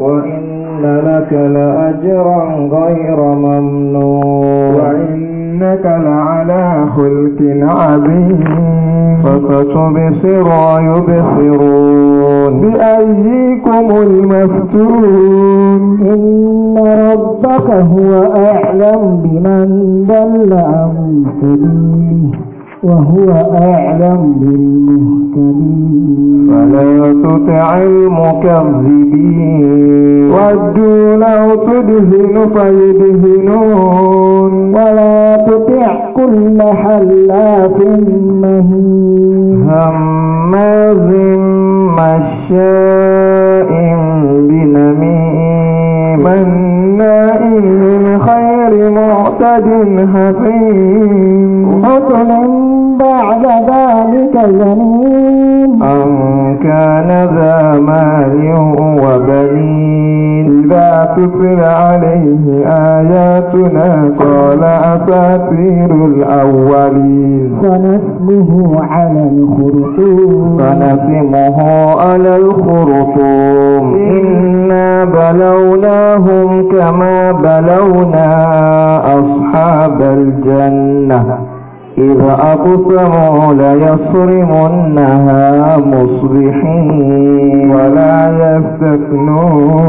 وإن لك لأجرا غير ممنون وإنك لعلى خلق عظيم فستبصر ويبصرون بأيكم المفتون إن ربك هو أعلم بمن دل عن سبيله وهو أعلم بالمهتدين فلا تطع المكذبين ودوا لو تدهن فيدهنون ولا تطع كل حلاف مهين هماز مشاء بنميم مناء خير معتد حفيم عقل بعد ذلك زنيم كان ذا مال وبنين إذا تتل عليه آياتنا قال أساطير الأولين فنسمه على الخرطوم فنسمه على الخرطوم إنا بلوناهم كما بلونا أصحاب الجنة إذا أقسموا ليصرمنها مصبحين ولا يستثنون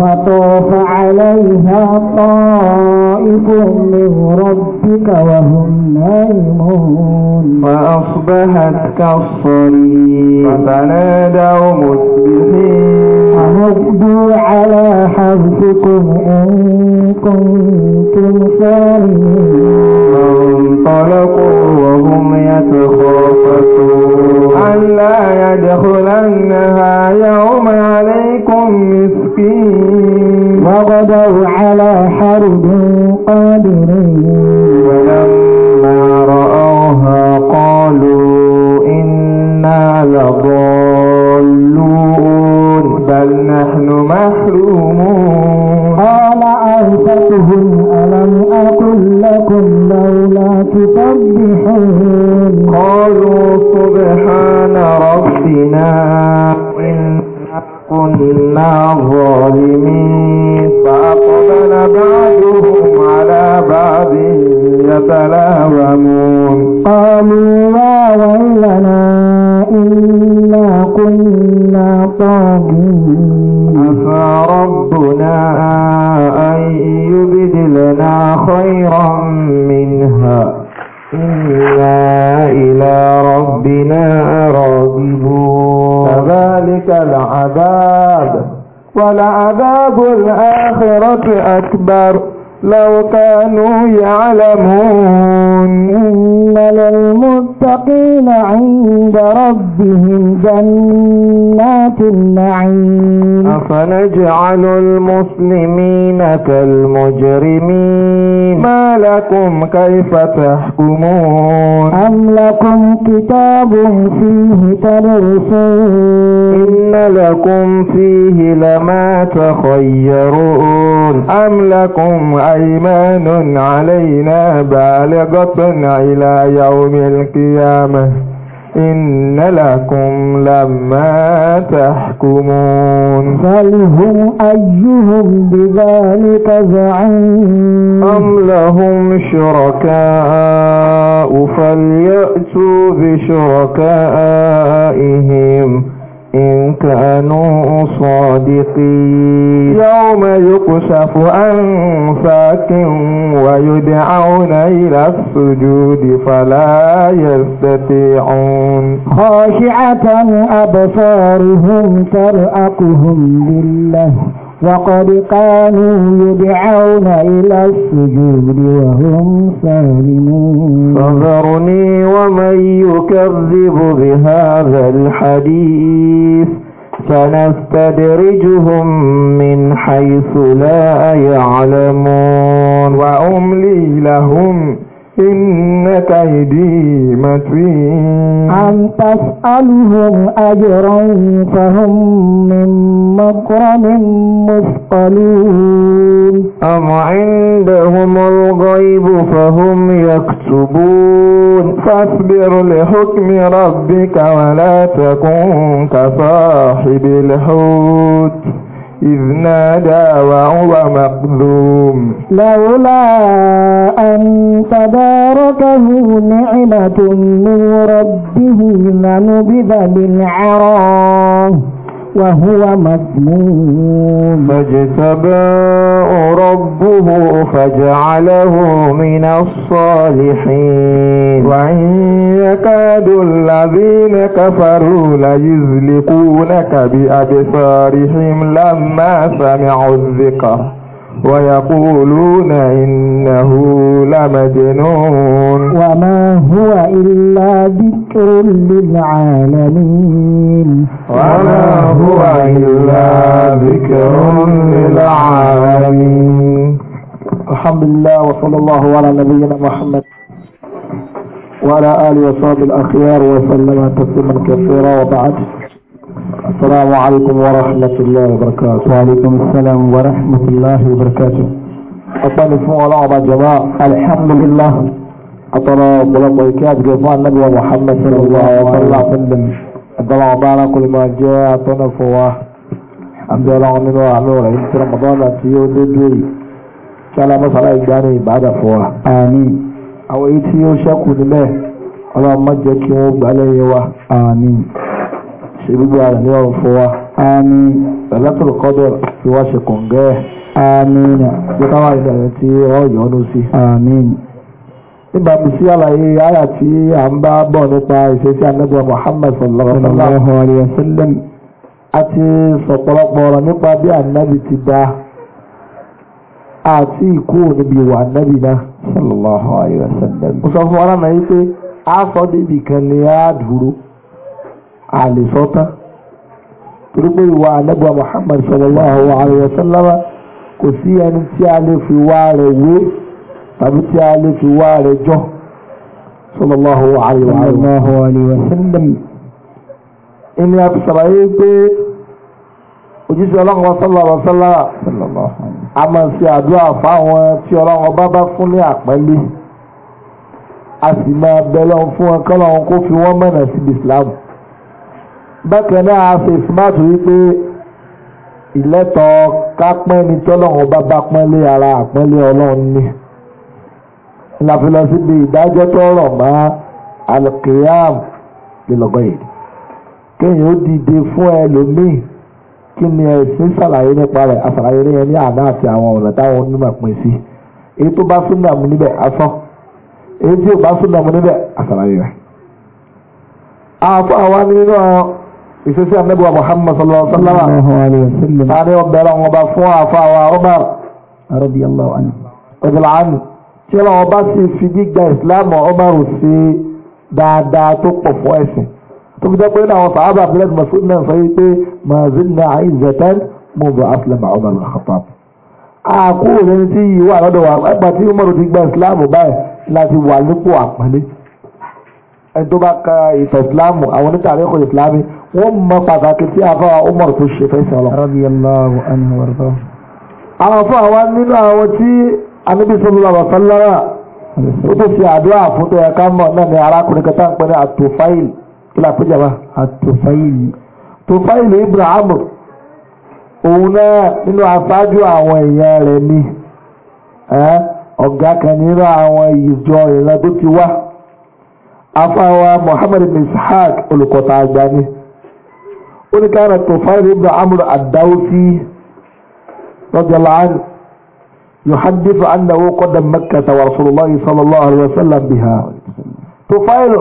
فطوف عليها طائف من ربك وهم نائمون فأصبحت كالصريم فتنادوا مصبحين فهدوا على حرفكم إن كنتم صارمين غدوا على حرب قادرين ولما رأوها قالوا إنا لضالون بل نحن محرومون قال أوسطهم ألم أقل لكم لولا تسبحون قالوا سبحان ربنا إنا كنا ظالمين يتلاومون قالوا لا ويلنا إنا كنا طاغين عسى ربنا أن يبدلنا خيرا منها إنا إلى ربنا راغبون فذلك العذاب ولعذاب الآخرة أكبر لو كانوا يعلمون إن للمتقين عند ربهم جنات النعيم أفنجعل المسلمين كالمجرمين ما لكم كيف تحكمون أم لكم كتاب فيه تدرسون إن لكم فيه لما تخيرون أم لكم أيمان علينا بالغة إلى يوم القيامة إن لكم لما تحكمون فلهم أيهم بذلك زعيم أم لهم شركاء فليأتوا بشركائهم إن كانوا صادقين يوم يكشف عن ساك ويدعون إلى السجود فلا يستطيعون خاشعة أبصارهم ترأقهم لله وقد كانوا يدعون إلى السجود وهم سالمون فذرني ومن يكذب بهذا الحديث سنستدرجهم من حيث لا يعلمون وأملي لهم إن كيدي متين أن تسألهم أجرا فهم من مكرم مثقلون أم عندهم الغيب فهم يكتبون فاصبر لحكم ربك ولا تكن كصاحب الحوت إذ نادى وهو مقذوم لولا أن تداركه نعمة من ربه لنبذ بالعراء وهو مذموم فاجتباه ربه فجعله من الصالحين وإن يكاد الذين كفروا ليزلقونك بأبصارهم لما سمعوا الذكر ويقولون إنه لمجنون وما هو إلا ذكر للعالمين وما هو إلا ذكر للعالمين الحمد لله وصلى الله على نبينا محمد وعلى آله وصحبه الأخيار وسلم تسليما كثيرا وبعد السلام عليكم ورحمة الله وبركاته وعليكم السلام ورحمة الله وبركاته أطلع فوق الأربع جماعة الحمد لله أطلع بلغ ويكاد قفان نبي محمد صلى الله عليه وسلم أطلع بعنا كل ما جاء تنفوه الحمد لله من وعلوه إنت رمضان أتيو دبي كلا مسألة إجاني بعد فوه آمين أو إيتيو شكو نبه اللهم جاكي وبالي وآمين ṣe gbogbo ara ní ọrùn fún wa àmín lẹ́lẹ́tọ̀lù kọ́dọ̀ fi wá ṣe kọ̀ǹgẹ́ ẹ̀ àmín jẹ́ káwá ìbẹ̀rẹ̀ tí ọ yọ́nú sí àmín níbàbí sí àlàyé àyà tí a ń bá bọ̀ nípa ìṣesí anábíà Muhammad sallallahu alayhi wa sallam àti sọ̀pọ̀lọpọ̀ ọ̀rọ̀ nípa bí ànábì ti dá àti ìkú níbi ìwà ànábì náà sallallahu alayhi wa sallam. mo sọ fún wa náà yìí pé a sọ débi kan ni a dúró. àlèsọ́tán sota, pé ìwà ànábì Muhammad sallallahu alaihi wa sallam kò sí ẹni tí a lè fi wá rẹ̀ wé tàbí tí a fi wá rẹ̀ jọ sallallahu alaihi wa sallam ẹni a ti sàlàyé pé òjíṣẹ́ ọlọ́run sallallahu alayhi wa sallam a máa ṣe àdúrà fáwọn tí ọlọ́run bá bá fún ní àpẹ́lẹ́ a sì máa bẹ lọ́n fún wọn kọ́lọ́run kó fi wọ́n mọ̀nà síbi Islam. bákan náà a fi smartu wípé ìlẹ́tọ̀ kápẹ́ ni tọ́lọ́run bá bá pọ́nlé ara àpọ́nlé ọlọ́run ni ìlàfilọ síbi ìdájọ́ tó rọ̀ mọ́ alqiyam lélọ́gbọ́n yìí kéèyàn ó dìde fún ẹlòmíì kí ni ẹ̀sìn ṣàlàyé nípa rẹ̀ àṣàlàyé rẹ̀ ní àná àti àwọn ọ̀nà táwọn onímọ̀ pín sí èyí tó bá súnmọ̀ mú níbẹ̀ asọ́ èyí tí ò bá súnmọ̀ mú níbẹ̀ àṣàlàyé rẹ̀. àfọ àwa nínú àwọn ìṣesí àmẹ́bùwà Muhammad sallallahu alaihi wasallam sáré ọbẹ̀rẹ̀ àwọn ọba fún àfàwà ọba radiyallahu anhu ọjọ́lá àánú tí ọlọ́wọ́ bá sì fi gíga ìsìláàmù ọba rò sí dáadáa tó pọ̀ fún ẹ̀sìn tó fi ẹni tó bá ka ìtàn ìsìláàmù àwọn oníta àríkò ìsìláàmù wọ́n mọ pàtàkì tí àfa Umar tó ṣe fẹsẹ̀ lọ. radiyallahu anhu warda. àwọn afọ àwa nínú àwọn tí anabi sallallahu alaihi wasallam ó tó ṣe àdúrà fún tó yẹ ká mọ̀ náà ni arákùnrin kẹta ń pẹ́ ní àtòfáìl kí la péjọba. àtòfáìl. tòfáìl ibn òun náà nínú aṣáájú àwọn èèyàn rẹ̀ ni ọ̀gá kan nínú àwọn ìjọ ìran tó ti wá afáwa muhammad bin ishaq olùkọ́ta àgbà ni ó ní kára tó fáwọn ibn amr ad-dawsi radiyallahu anhu يحدث أنه قدم مكة ورسول الله صلى الله عليه وسلم بها طفيل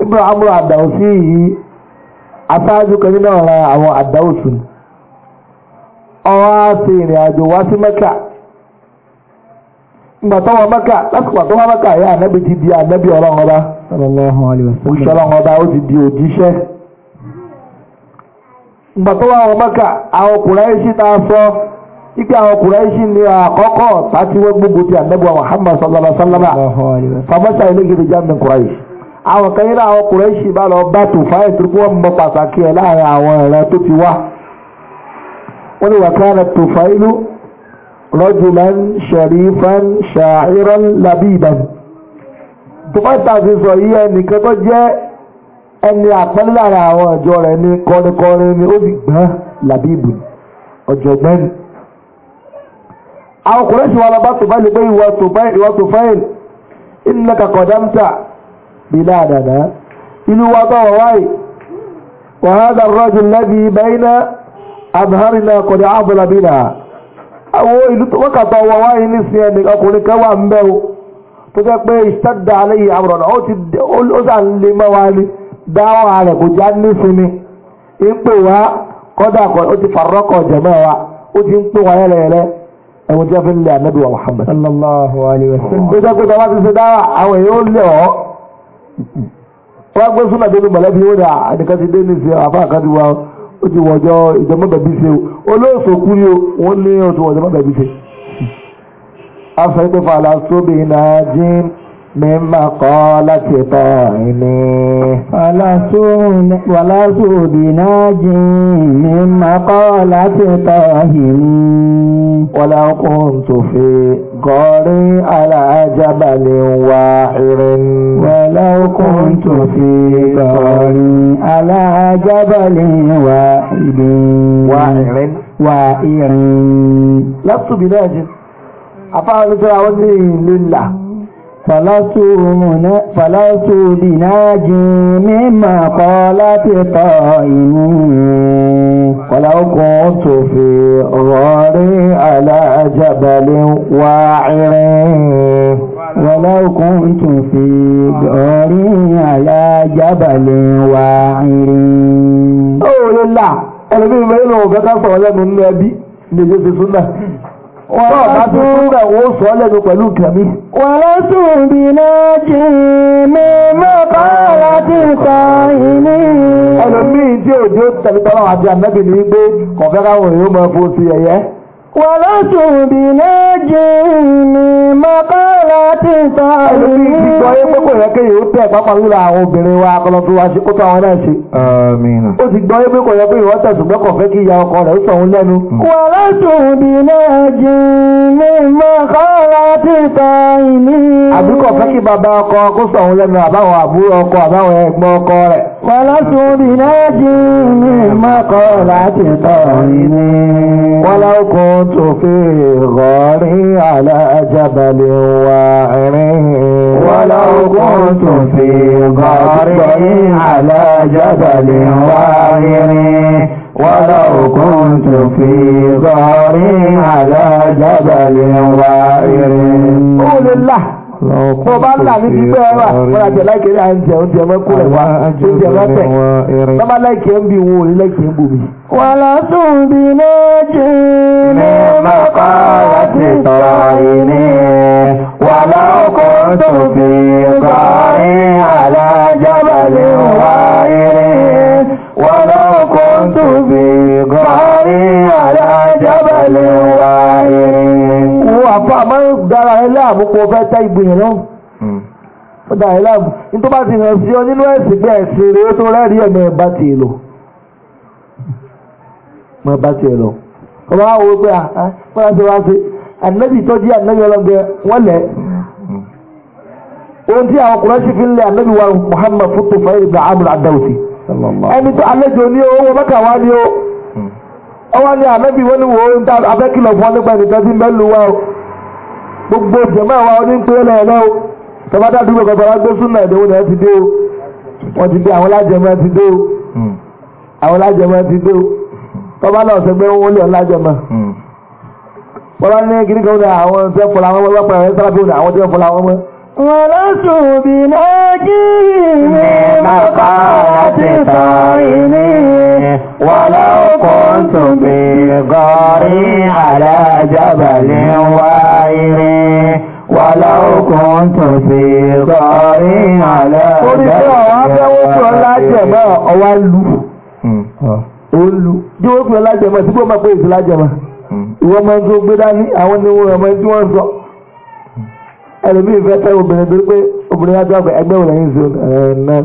ابن عمرو الدوسي أساجو كمين ولا أو الدوس أواتي يا جواسي مكة ngbàtọ́ wọn mẹ́kà lásìkò àtọ́ wọn mẹ́kà yẹ ànábì ti di ànábì ọlọ́run ọba òṣìṣẹ́ ọlọ́run ọba ó ti di òjíṣẹ́ ngbàtọ́ wọn mẹ́kà àwọn Kùráíṣì náà sọ ike àwọn Kùráíṣì ní àkọ́kọ́ tàbí wọ́n gbogbo ti ànábì wa Muhammad sallallahu alaihi wasallam famasa ilé gidi jáde Kùráíṣì àwọn kan yíra àwọn Kùráíṣì bá lọ bá tó fáyẹ̀ tó wọ́n mọ pàtàkì ẹ̀ láàrin àwọn ẹ̀rẹ́ tó ti wá wọ́n ní wà رجلا شريفا شاعرا لبيبا tọ́pá tàbí sọ yí ẹnìkan tó jẹ́ ẹni àpọ́nlé lára àwọn ọ̀jọ́ rẹ̀ ní kọrinkọrin ni ó sì gbọ́n làbíbù ọ̀jọ̀gbọ́n ni. àwọn ọkùnrin ṣùgbọ́n bàbá tó báyìí pé ìwọ tó fáyìn ìnà kàkọ́ dáńtà bílá àdàdà ìlú wa tó wà wáyé wàhálà rọ́jù lẹ́bi náà àbúhárì náà kọ̀dọ̀ àbúlà bílà àwọn ìlú tó wákàtà ọwọ́ wá yìí nísìnyí ẹni ọkùnrin kan wà ń bẹ́ o tó jẹ́ pé ìṣẹ́dá alẹ́ yìí àmọ̀ràn ó ti ó sà ń lé mọ́ wa ni dáwọ́ rẹ̀ kò já nísìnyí ń pè wá kọ́dà kan ó ti fàrọ́kọ̀ jẹ̀mọ́ wa ó ti ń pè wá yẹ́lẹ́yẹ́lẹ́ ẹ̀wọ̀n tí a fi ń lé sallallahu alayhi wa sallam. ó jẹ́ pé tọ́wọ́ ti ṣe dáwà àwọn èèyàn ó lẹ̀ ọ́ wọ́n gbé súnà débi mọ̀lẹ́bí ó dà àdìkàtì dé nísìnyí àfáà kan ti wá ọ́ ó ti wọ̀jọ́ ìjọmọ́bẹ̀bí ṣe o olóòsòkú ni wọ́n lé ọ̀tún wọ̀jọ́mọ́bẹ̀bí ṣe. a sọ pé fàlà sóbì náà jíǹ من مقالة طاعمه ولا سوء ناج من مقالة طاهمي ولو كنت في قاري على جبل واحر ولو كنت في قاري على جبل واحد واحر واحر لست بناجم أفعل تراوتي لله فلست بناج مما قالت قائم ولو كنت في غاري على جبل واعر ولو كنت في غاري على جبل واعر أولا الله أنا بيبين وقتا صلى الله عليه وسلم Wọ́n bá tó ń bẹ̀ wọ́n sọ lẹ́nu pẹ̀lú kẹ̀mí. Wọ́n sùn bí náà jì mí mọ́ bá láti sọ ìní. Ẹlòmíì tí òjò tẹ̀lé tọ́lá àti ànábì ní gbé kọ̀fẹ́ káwọn èèyàn máa fò sí ẹ̀yẹ́. Wọ́n jì mí mọ́ láti sọ èyí. ìgbọ́ yé pé kò yẹ kéye ó tẹ̀ pápá lórí àwọn obìnrin wa akọlọ ṣe kó tó àwọn náà ṣe. ó sì gbọ́ yé pé kò yẹ pé ìwọ́n tẹ̀sùn pé kò fẹ́ kí ìyá ọkọ rẹ̀ ó sọ òun lẹ́nu. wàhálà náà jì mí mọ́ kọ́ra títọ́ ìní. àbí kò fẹ́ kí bàbá ọkọ kó sọ lẹ́nu àbáwọn àbúrò ọkọ àbáwọn ẹ̀gbọ́n ọkọ rẹ̀. wàhálà tòbí náà jì mí mọ́ kọ́ra غارين ولو كنت في غارين على جبل واهرين ولو كنت في غارين على جبل واهرين قول الله kó bá ń là ní gbígbé ẹ wà wọn àti ẹláìkè náà ń jẹ oúnjẹ mẹ́kú rẹ̀ wá oúnjẹ mẹ́tẹ̀ bàbá láìkè ń bí wọn ò láìkè ń bòmí. wọ́n lọ sùn bí méjì ní mọ́kànlá ti sọ̀rọ̀ yìí كنت في قاري على جبل غائر ولو كنت في قاري على جبل غائر وفا ما يقدر إلا مقوفة تيبين لهم ọ̀dá ìlàbù ní tó bá ti hàn sí ọ nínú ẹ̀sìn pé ẹ̀sìn rẹ̀ tó rẹ́rí ẹ̀mẹ̀ bá ti lò mọ̀ bá ti lọ ọba wo pé àpárá tó wá sí ànẹ́bì tó jí ànẹ́bì ọlọ́gbẹ wọ́n lẹ̀ ohun tí àwọn kùrẹ́sì fi ń lé ànábì wa Muhammad fún Tufayl ibn Amr ad ẹni tó àlejò hmm. ní owó mẹ́ta o ọwọ́ ní ni wò ó ń abẹ́kìlọ̀ fún ọ nípa ẹnìkan tí wa o gbogbo jẹ̀mọ́ àwa oní ń pé lẹ́yìn náà tọ́bátà dúró wá gbé ẹ̀dínwó ni ẹ ti dé o wọ́n ti dé àwọn lájẹmọ́ o hmm. àwọn lájẹmọ́ ẹ o náà wọ́n hmm. wọ́n ولست بناجيه من مقالة طائني ولو كنت بالغار على جبل وائر ولو كنت في غار على جبل وائر Olú jí ó fi ọlájẹmọ̀ tí kó máa pé ìsìlájẹmọ̀. Ìwọ́n máa ń tó gbé dání àwọn ni wọ́n máa ń tí wọ́n sọ ẹlòmíì fẹ́ fẹ́ obìnrin torí pé obìnrin yá dọ́gba ẹgbẹ́ wò lẹ́yìn zone ẹ̀ẹ́nà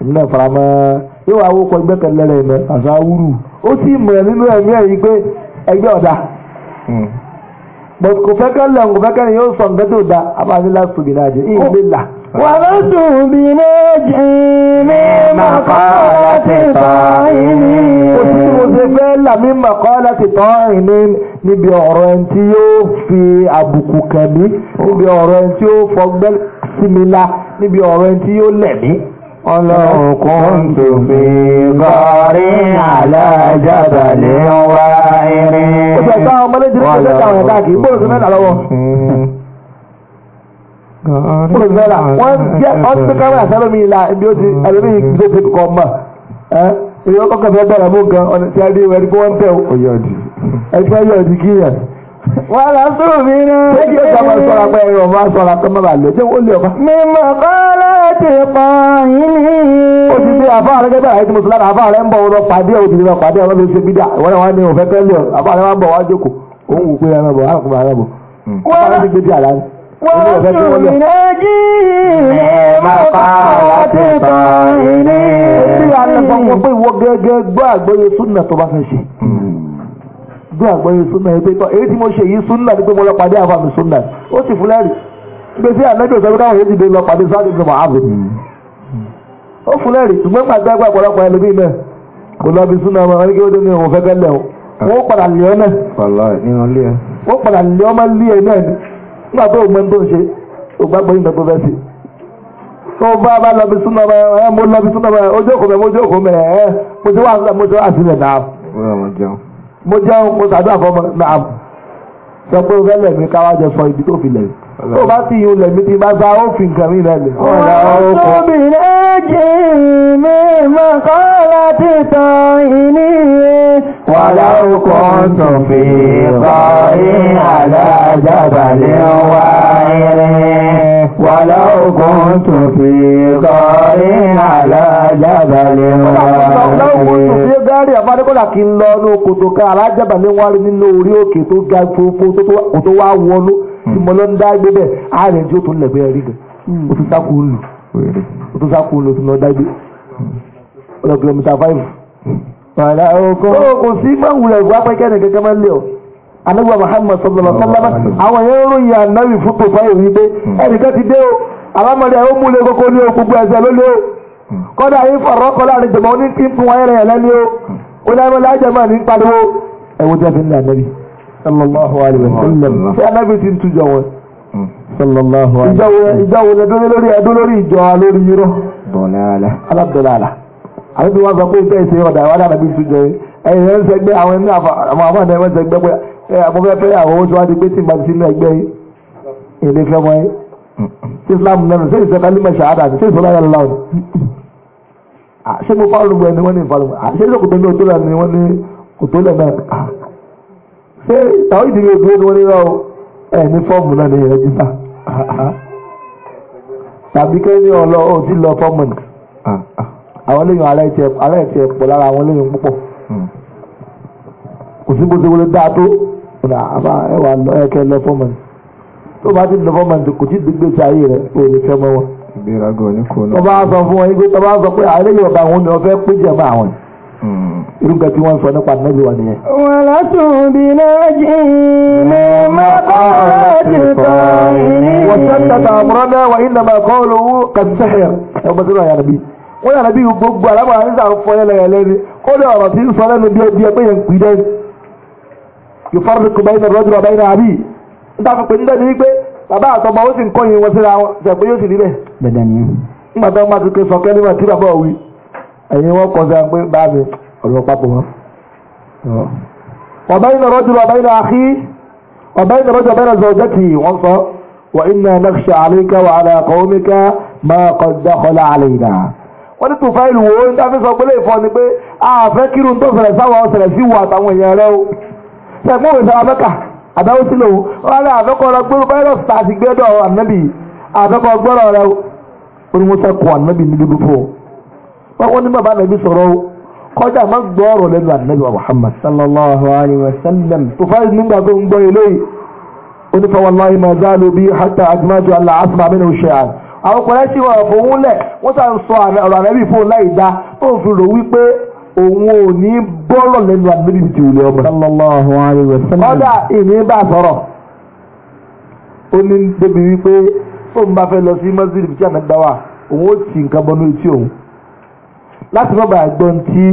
èmi náà fara mọ́ yóò wá wókọ ìgbẹ́kẹ̀lé rẹ̀ mẹ́ àṣà wúrù ó sì mọ̀ nínú ẹ̀mí ẹ̀ yìí pé ẹgbẹ́ ọ̀dà hmm. kò fẹ́ kẹ́ lẹ̀ kò fẹ́ kẹ́ yóò sọ nǹkan tó da abáyé láti bì náà jẹ́ ìyìn lè là. wà á sùn bí méjì mi máa kọ́ láti bá ìní mi mọ̀ kọ́ láti tọ́ rìn ní níbi ọ̀rọ̀ ẹni tí yóò fi àbùkù kẹ̀mí níbi ọ̀rọ̀ ẹni tí yóò fọgbẹ́ sí mi la níbi ọ̀rọ̀ ẹni tí yóò lẹ̀ mí. ọlọ́run kún tó fi kọrí alájábàlẹ̀ wá irin. ó jẹ́ sáwọn ọmọdé jírí kí àwọn ẹ̀ka kì í bóòlù sí mẹ́ta lọ́wọ́. bóòlù sí mẹ́ta wọ́n jẹ́ ọ́n ti kámẹ́rà sẹ́lómi ìlà ibi ó ti ẹlòmíì tó kọ́ mọ̀. ìyọ ọkọ̀ fẹ́ gbára mú gan ọ̀nà tí a dé ìwẹ̀ ẹ̀dínkù wọ́n tẹ̀ ọ̀yọ̀dì ẹ̀dínkù ọ̀yọ̀dì kíyàn. wọ́n lọ sùn mí ní. ṣé kí ọjà máa sọ̀rọ̀ apẹ́ ẹ̀rọ máa sọ̀rọ̀ apẹ́ máa bà lọ ṣé wọ́n lè ọba. mi mọ̀ kọ́ وكل نجيه مقالة طائنين gbé àgbọ́yé súnà ẹgbẹ́ tán èyí tí mo ṣe yìí súnà ní pé mo lọ pàdé àwọn àmì súnà ó sì fún lẹ́rìí gbèsè àlejò sọ pé káwọn èyí ti dé lọ pàdé sáàdì ìgbìmọ̀ ààbò ó fún lẹ́rìí ṣùgbọ́n gbàgbé àgbà ọ̀pọ̀lọpọ̀ ẹlòmíì náà kò lọ bí súnà ọmọ wọn ní kí ó dé ní òun fẹ́ fẹ́ lẹ̀ o wọ́n padà lé ọmọ lé ẹ náà nígbà tó o mọ tó ṣe o gbàgbọ́ yín gbàgbọ́ bẹ́ẹ̀ sí. tó bá bá lọ́bi súnà mẹ́ ẹ mo lọ́bi súnà mẹ́ ojú òkú mẹ́ mojú òkú mẹ́ ẹ mo ti wá mo ti wá sílẹ̀ náà. mo jẹun mo sàdúrà fọmọ náà sọ pé o fẹ́ lẹ̀mí káwá jẹ sọ ibi tó fi lẹ̀mí. tó bá ti yun lẹ̀mí ti bá sá ó fi nǹkan mi lẹ̀ lẹ̀. ọ̀rọ̀ ọ̀rọ̀ نجئي من مقالة طائني ولو كنت في قائي على جبل وعير ولو كنت في قائي على جبل وعير Gárí àfádékọ́lá kí ń lọ ní okòtò ká alájábà ní wárí nínú orí òkè tó ga fúnfún tó wá wọnú tí mo lọ tí ó tún lẹ̀gbẹ́ rí gan. Ó ti sákòó lù o tún sákòó ló tún lọ dágbé ọ̀dọ̀ kìlómítà five. Bàdà ọkọ. Ó kò sí gbàwùrẹ̀ ìwà pẹ́kẹ́ nìkan kẹ́mẹ́ lé ọ. Anábíwá Muhammad sọ̀rọ̀ sọ́lámà. Àwọn yẹn ń ròyìn ànábì fún pèpà èyí pé ẹnìkan ti dé o. Àlámọ̀dé ó múlẹ̀ kókó ní o gbogbo ẹ̀sẹ̀ ló lé o. Kọ́dà yín fọ̀rọ̀ kọ́lá àrùn jẹ̀mọ́ ní kí n fún wọn yẹn lẹ́ni o. Ó dábọ̀ lájẹ̀ máa ní pariwo. Ẹ wo jẹ́ fi ń lé ànábì. Sallallahu alayhi wa sallam. Ṣé ànábì ti ń tújọ wọn? sallallahu alayhi wa sallam. ìgbàwo ni ẹdún lórí ẹdún lórí ìjọ lórí yúrọ. bọ̀láàlà. alábẹ̀láàlà. àwọn tí wọ́n sọ pé ìfẹ́ ìṣe ọ̀dà àwọn àdàbí ìṣújọ yìí mo fáwọn olùgbọ́ ẹni wọ́n ní ìfàlùmọ́ ṣé ní òtólẹ̀ ni wọ́n ní òtólẹ̀ náà ṣé ìtàwọn ìdílé òdúró ni wọ́n ní rà ẹ̀ ní fọ́ọ̀mù náà ní ìrẹ́jísà tàbí kẹ́ni ọlọ ò ti lọ four months àwọn lẹ́yìn ara ẹ̀tì ara ẹ̀tì ẹ̀pọ̀ lára àwọn lẹ́yìn púpọ̀ kò sí bó ṣe wọlé dáa tó ọ̀nà àbá ẹwà ẹ̀kẹ́ lọ four months tó bá ti lọ four months kò tí gbégbé sí ayé rẹ̀ ò ní fẹ́ mọ́ wọn. ìgbéraga ò ní kó náà. wọ́n bá sọ fún wọn yín pé bá sọ pé àlejò ọba àwọn ni wọ́n fẹ́ péjọba àwọn yìí irúgbà tí wọ́n sọ nípa nẹ́bí wà nìyẹn. wọ́n látún bí lẹ́jì ní mẹ́kọ́ láti kọ́ ìní. wọ́n ṣẹ́ta àmúrọ́dá wà ní nàmà kọ́ olówó kàṣẹ́hẹ̀ ẹgbẹ́ sínú àyà nàbí. wọ́n yà nàbí gbogbo àlámà àríṣà ń fọ ẹlẹ́ ẹlẹ́ ni kó lè ọ̀rọ̀ tí ń sọ lẹ́nu bí ẹbí ẹgbẹ́ yẹn pì yóò fara ní kùbá iná rọ́jùlọ bá iná àbí ẹ̀yin wọ́n kọ́ sáà pé báàbí ọ̀rọ̀ papọ̀ wọn. ọ̀bá iná rọ́jò ọ̀bá iná àkí ọ̀bá iná rọ́jò ọ̀bá iná zọ̀jẹ́kì wọ́n sọ wà iná nàkṣà àlékà wà àlà kọ́ọ́míkà máa kọ́ dákọ́lá àlè ìdá. wọ́n ní tùfá ìlú wo ní dáfẹ́ sọ pé lè fọ́ ni pé àfẹ́ kírun tó ṣẹlẹ̀ sáwọn ṣẹlẹ̀ sí wà àtàwọn èèyàn rẹ o. sẹ́gbọ́n òwe sábà mẹ́kà àdáwó sí lòun wọ́n ní àfẹ́kọ̀ọ́rọ̀ àfẹ́kọ̀ọ́ rẹ o wọ́n ní bàbá nàbí sọ̀rọ̀ o kọjá má gbọ́ ọ̀rọ̀ lẹ́nu ànábì wa muhammad sallallahu alayhi wa sallam tó fáyé nígbà tó ń gbọ́ eléyìí onífẹ́ wàláhì máa záàlú bí hàtà àdìmájú àlà àfúnà àmínú ṣẹ́yàn àwọn ọkùnrin tí wọ́n fòun lẹ̀ wọ́n sà ń sọ ọ̀rọ̀ ànábì fún láì dá tó fi rò wípé òun ò ní bọ́rọ̀ lẹ́nu ànábì ti wùlé ọmọ. sallallahu alayhi wa sallam. kọ́dà ìní bá sọ̀rọ̀ ó ní débi wípé tó ń bá fẹ́ lọ sí mọ́sídìí tí àná láti rọ́bà àgbọn tí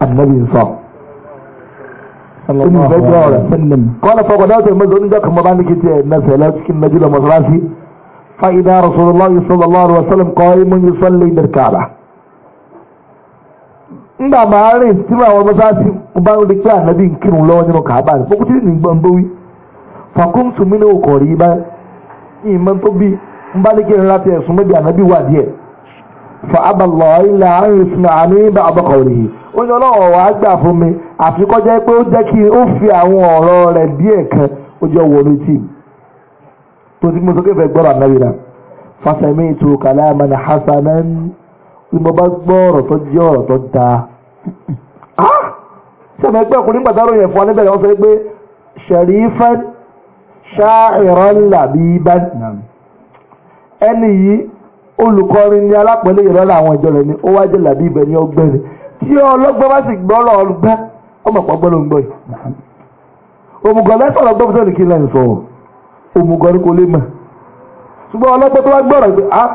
ànábì ń sọ. Olùfẹ́ jẹ́ ọ̀rẹ́. Kọ́lá fọkàn náà tẹ̀lé mọ́tò oníjọ́ kan mọ́ bá ní kí tiẹ̀ mẹ́sẹ̀ lọ́sìkì nàjú lọ mọ́sálásí. Fa'idá Rasulullah sallallahu alaihi wasallam qa'imun yusalli lè kàrà. Ngbà máa rìn tí mo àwọn mọ́sálásí bá ń rí fàábà lọ́ọ́ ilẹ̀ àárín ìsinmi àní bàbọ̀kọ̀ rèé ó ní ọlọ́wọ́ wàá gbà fún mi àfi kó jẹ́ pé ó jẹ́ kí ó fi àwọn ọ̀rọ̀ rẹ̀ díẹ̀ kan ó jọ wọ létí tó ti mú sókè fẹ́ gbọ́rọ̀ ànábì náà fàṣẹmí ètò kàlámà ní mo bá gbọ́ ọ̀rọ̀ tó jẹ́ ọ̀rọ̀ tó dáa sọ̀rọ̀ ẹgbẹ́ ọkùnrin gbàdárò yẹn fún wa níbẹ̀rẹ̀ wọ́n sọ pé sharifan sha'iran labiban ẹni yìí olùkọrin ni alápẹ̀lẹ́ yìí lọ́la àwọn ìjọ rẹ̀ ni ó wá jẹ́ làbí ibẹ̀ ni ọgbẹ́ni tí ọlọ́gbọ́n bá sì gbọ́ ọ̀rọ̀ ọlọ́gbẹ́ ọmọ pàgbọ́ ló ń gbọ́ yìí. òmùgọ̀ lẹ́sọ̀ ọlọ́gbọ́n fún sẹ́ni kí n lẹ́yìn sọ̀rọ̀ òmùgọ̀ ni kò lè mọ̀ ṣùgbọ́n ọlọ́gbọ́n tó bá gbọ́ ọ̀rọ̀ pé ah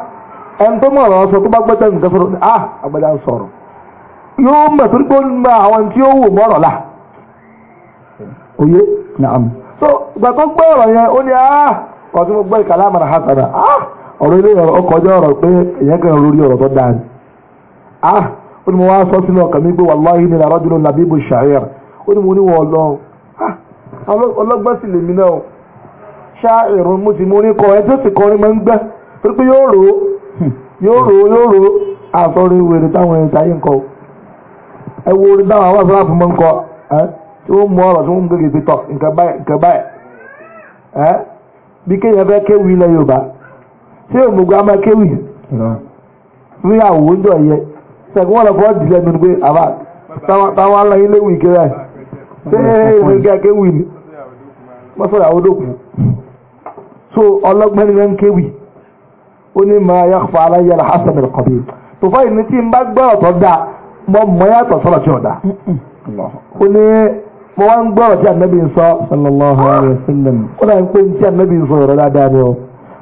ẹni tó mọ̀ ọ̀rọ̀ sọ tó bá gbọ́ tẹ́ nǹkan sọ̀rọ̀ ah àgbàdá ń sọ̀rọ̀ yóò mọ̀ torí pé ó ń mọ àwọn tí ó wò mọ́rọ̀ là òye nàám so ìgbà tó gbọ́ ọ̀rọ̀ yẹn ah ọ̀rọ̀ ilé ọ̀rọ̀ ọkọjọ́ ọ̀rọ̀ pé èèyàn kan lórí ọ̀rọ̀ tó dáa ni. ah ó ní mo wá sọ sínú ọkàn mi pé ní làrá dúró nàbí ibò ṣàyẹ̀r ó ní mo ní wọ́n lọ ah, ọlọ́gbọ́n sì lèmi náà mo sì mo ní kọ ń pé yóò rò hmm, yóò rò yóò rò àsọrin wèrè táwọn ń ṣé òmùgọ̀ amákéwì rí àwò ń jọ yẹ ṣẹ̀kún wọn lọ fọ́ jùlẹ̀ nínú pé àbá táwọn aláyé léwu ìkẹrẹ ṣé ìrìnkẹ́ akéwì ni wọ́n sọ̀rọ̀ àwọn olókùn so ọlọ́gbọ́n ni wọ́n ń kéwì ó ní ma yà aláyé alhassan alkọ̀bí tó fọ́ ìní tí n bá gbọ́ ọ̀tọ̀ dá mọ mọ́ yàtọ̀ sọ̀rọ̀ tí ò dá ó ní mo wá ń gbọ́ ọ̀tí ànábì sọ sallallahu alaihi wasallam ó dà ń pè ní tí ànábì sọ ọ̀rọ̀ dáadáa ni ó.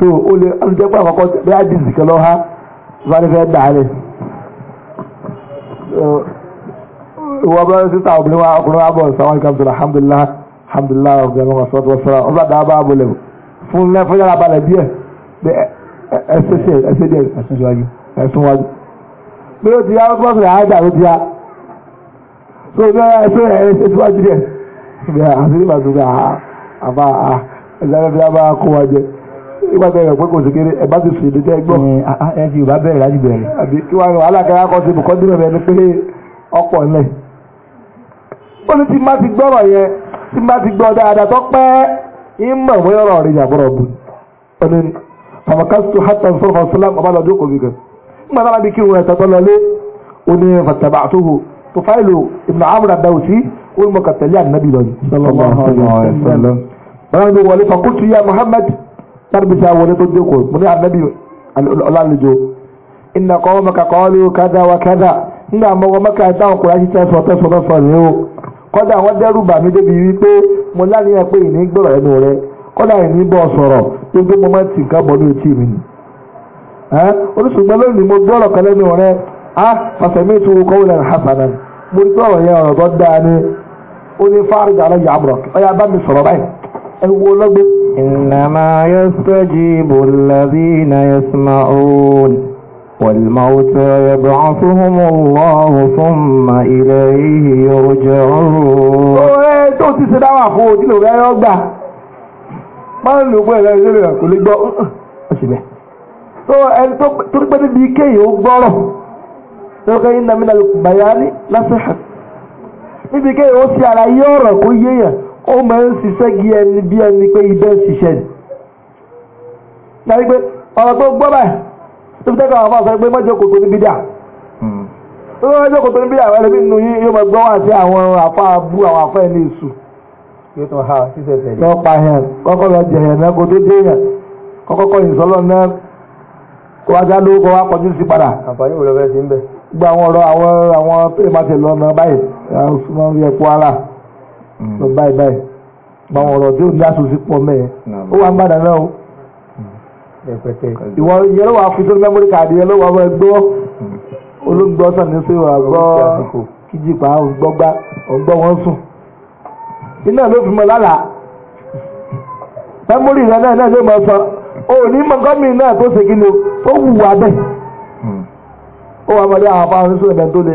so o lè alùjẹ́ pé àkọ́kọ́ bí àdìsí kan lọ́ ha fẹ́rẹ́fẹ́ dà á lẹ̀ ìwọ bá sísá obìnrin wa ọkùnrin wa bọ̀ sàwọn ìkàmù sọ̀rọ̀ alhamdulilah alhamdulilah ọ̀gbìn ọmọ sọ́tù ọ̀sọ́rọ̀ ọ̀bá dàá bá bolẹ̀ fún lẹ́ fún yàrá balẹ̀ díẹ̀ ẹsẹ̀ ṣe ẹsẹ̀ díẹ̀ ẹsẹ̀ ṣíwájú ẹsẹ̀ wájú bí o ti yá ó gbọ́sọ̀rọ̀ àádà ló ti yá so bí ẹsẹ̀ ẹsẹ̀ ṣíwájú díẹ̀ àti nígbà tó gbà àbá ẹ̀dá ìgbà bẹ̀rẹ̀ pé kò sí kéré ẹ̀ bá ti sùn ìdíjẹ́ gbọ́. ẹ fi ìbá bẹ̀rẹ̀ láti bẹ̀rẹ̀. àbí kí wàá rọ alákẹ́rẹ́ akọ sí ibùkọ́ dúró rẹ ni pé ọ̀pọ̀ ńlẹ̀. ó ní tí má ti gbọ́rọ̀ yẹn tí má ti gbọ́ dáadáa tó pẹ́ ìmọ̀ bóyá ọ̀rọ̀ rẹ̀ yàgbọ́rọ̀ bù. ó ní pàmòkàsítò hàtàn sọ̀rọ̀ sọ́lám ọba lọ́jọ́ kò ya láti fi àwọn onító dẹ́kọ̀ mo ní anabi ọlálejò iná kọ́ mọ́ka kọ́ ló kádà wá kádà nígbà mọ́wọ́ mọ́ka ẹ̀ta àwọn kùrẹ́ ṣiṣẹ́ sọ tẹ́sọ ya rẹ̀ o kọ́dà wọ́n dẹ́rù bàmí débi wípé mo pe pé ìní gbọ́rọ̀ ẹnu rẹ kọ́dà ìní bọ́ sọ̀rọ̀ gbogbo mo máa ti nǹkan bọ̀ ní etí mi ni. oríṣiríṣi lónìí mo gbọ́rọ̀ kan a fàṣẹmí tu kọ́wọ́lẹ̀ hasana mo ya ni ẹwọ lọ́gbẹ́. ìnàmà yastajibu alladhina yasma'un والموتى يبعثهم الله ثم إليه يرجعون tó ti fún ojú lòrẹ́ ẹ̀rọ gbà máa ń ó gbọ́rọ̀ tó nàmínà bàyá ní lásìkò níbi kéèyàn ó ṣe àlàyé ọ̀rọ̀ kó yéèyàn ó máa ń ṣiṣẹ́ gí ẹni bí ẹni pé ibẹ̀ ṣiṣẹ́ ni. Láyé pé ọ̀rọ̀ tó gbọ́ báyìí tó fi tẹ́kọ̀ọ́ àwọn ọ̀sán pé mọ́jọ kòtò níbi dà. Tó mọ́jọ hmm. kòtò níbi dà wọ́n ẹlẹ́mí yín yóò máa gbọ́ wá àwọn abú àwọn ẹni èṣù. Yóò pa kọ́kọ́ lọ jẹ náà kó tó dé kọ́kọ́ kọ́ náà kó Gbogbo àwọn ọ̀rọ̀ àwọn àwọn má ti lọ náà báyìí. lọ báyìí báyìí báwọn ọ̀rọ̀ tí ó ní aṣojú pọ̀ mẹ́ẹ̀ ó wà ń bàdàn náà o ìwọ yẹn ló wà fi tó mẹ́mórì káàdì yẹn ló wà wọ́n gbọ́ olóńgbò ọ̀sán ní sí wà gbọ́ kíjìpá ògbọ́gbá ògbọ́ wọn sùn iná ló fi mọ lálàá mẹ́mórì rẹ náà náà ló mọ sọ òní mọ̀gọ́mì náà tó ṣe kí ni ó wù hmm. wá bẹ́ẹ̀ ó wà mọ̀ lé àwọn afárá oníṣòwò ẹ̀dẹ̀ tó le.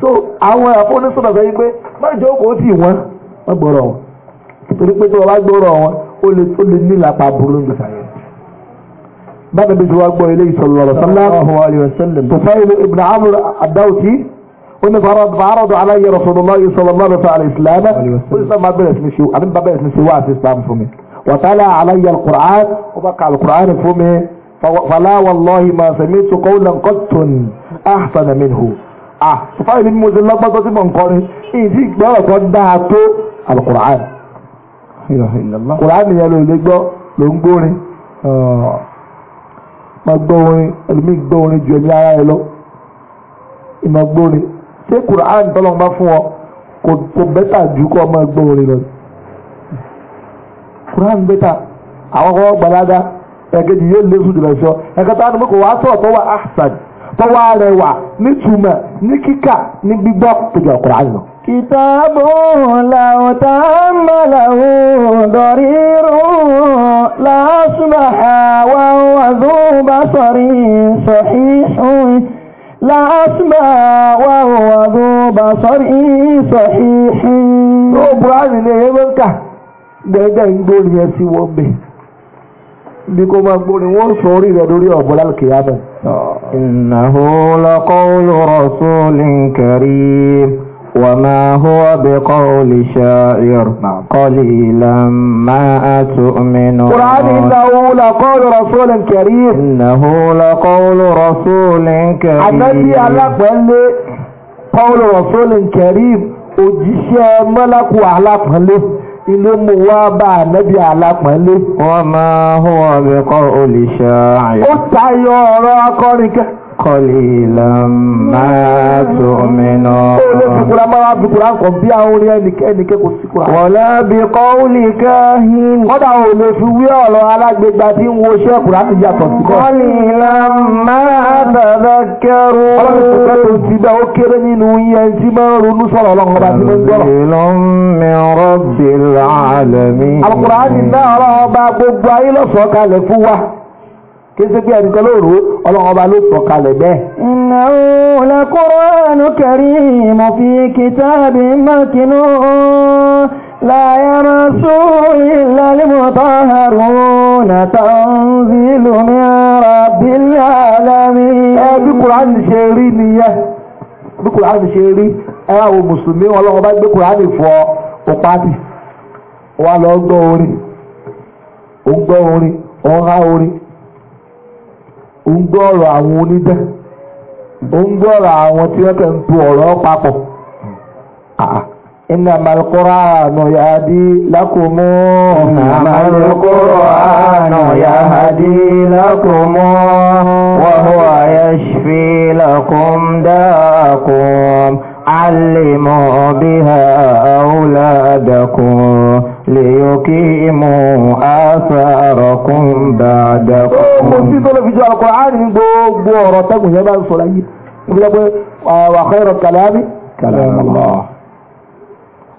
so àwọn àfọwọ́nisọ̀nà sọ wípé má jókòó tì wọ́n má gbọ́rọ̀ wọn torí pé tí wọ́n bá gbọ́rọ̀ wọn ó lè tó lè nílà pa burú nígbà sáyẹn. bákan bí tí wọ́n gbọ́ ilé ìsọ̀lọ̀ rẹ̀ sọ́lá tufailu ibn amr adausi ó ní fàárọ̀dù aláyẹ rasulullah sallallahu alaihi wasallam ó ní sábà bẹ̀rẹ̀ sí ní ṣe àbí bàbá bẹ̀rẹ̀ sí ní ṣe wá àti islam fún mi ah fáwọn ibi mo ṣe lọ́gbọ́tọ́ tí mò ń kọrin èyí tí gbọ́rọ̀ kan dáa tó alukur'an kur'an yẹn ló lè gbọ́ ló ń gbórin ma gbọ́ orin ẹlòmí gbọ́ orin ju ẹni ara ẹ lọ ìmọ̀ ṣé kur'an tọ́lọ́n fún ọ kò bẹ́tà ju kọ́ ọmọ gbọ́ lọ kur'an bẹ́tà àwọn ọkọ̀ gbalaga ẹ̀kejì yóò lé sùdìrẹ̀ sọ ẹ̀kẹta ni mo kò wá sọ̀rọ̀ tó wà ahsan tọ́wọ́ rẹwà nítumọ̀ ní kíkà ní gbígbọ́ tójú ọkùnrin àyìnbó. kìtàbù làwọn tá a ń bá làwọn dọ̀rí rú làásùbà àwọn àzúbà sọ̀rí sọ̀hí ṣùn làásùbà àwọn àzúbà sọ̀rí sọ̀hí ṣùn. tó buhari lè yẹ mọ́ńkà gẹ́gẹ́ ń gbórí ẹ sí wọ́n bẹ̀ bí kò máa gbórí wọ́n sọ orí rẹ̀ lórí ọ̀bọ̀lá kìyàmẹ́. إنه لقول رسول كريم وما هو بقول شاعر قليلا ما تؤمنون قرآن إنه لقول رسول كريم إنه لقول رسول كريم عملي على قول رسول كريم òjíṣẹ́ mọ́lákù alápọ̀lé ìlú mú wá bá ànábì alápọ̀nlé. wọ́n máa hùwà bí kọ́ olùṣọ́ àyà. ó tayọ ọ̀rọ̀ akọrin kẹ́ kọlìlà máa tòmìnà. ó lè bìkúra máa bìkúra nǹkan bí àwọn orí ẹnìkẹ́ kò sí kúra. wọ̀lẹ́ bí kọ́ọ̀lì káhìn. kọ́dà ò lè fi wí ọ̀rọ̀ alágbègbà tí ń wo iṣẹ́ kúra ti yàtọ̀ sí kọ́. kọlìlà máa tàdá kẹrù. ọlọ́run kò fẹ́ tó ti bẹ́ ó kéré nínú iye tí máa ń ronú sọ̀rọ̀ ọlọ́run ọba tí mo ń gbọ́rọ̀. ìlọ́mìíràn kése pé ẹnìkan ló rò ó ọlọ́run ọba ló sọ kalẹ̀ bẹ́ẹ̀. innahu laquranun karim fi kitabin maknun la yamassuhu illa al-mutahharun tanzilu min rabbil alamin. ẹ bí kùránì ṣe rí nìyẹn bí kùránì ṣe rí ẹ wá mùsùlùmí ọlọ́run ọba gbé kùránì fọ òpáàtì wà lọ gbọ́ orin ó gbọ́ orin ó ń há orin. ó ń gbọ́ ọ̀rọ̀ àwọn onídẹ́ ó ń gbọ́ ọ̀rọ̀ àwọn tí wọ́n kẹ́ ń tu ọ̀rọ̀ papọ̀ iná malukura nù yá di lakumu. di lakumu. yashfi lakum علموا بها أولادكم ليقيموا آثاركم بعدكم في في وخير الكلام كلام الله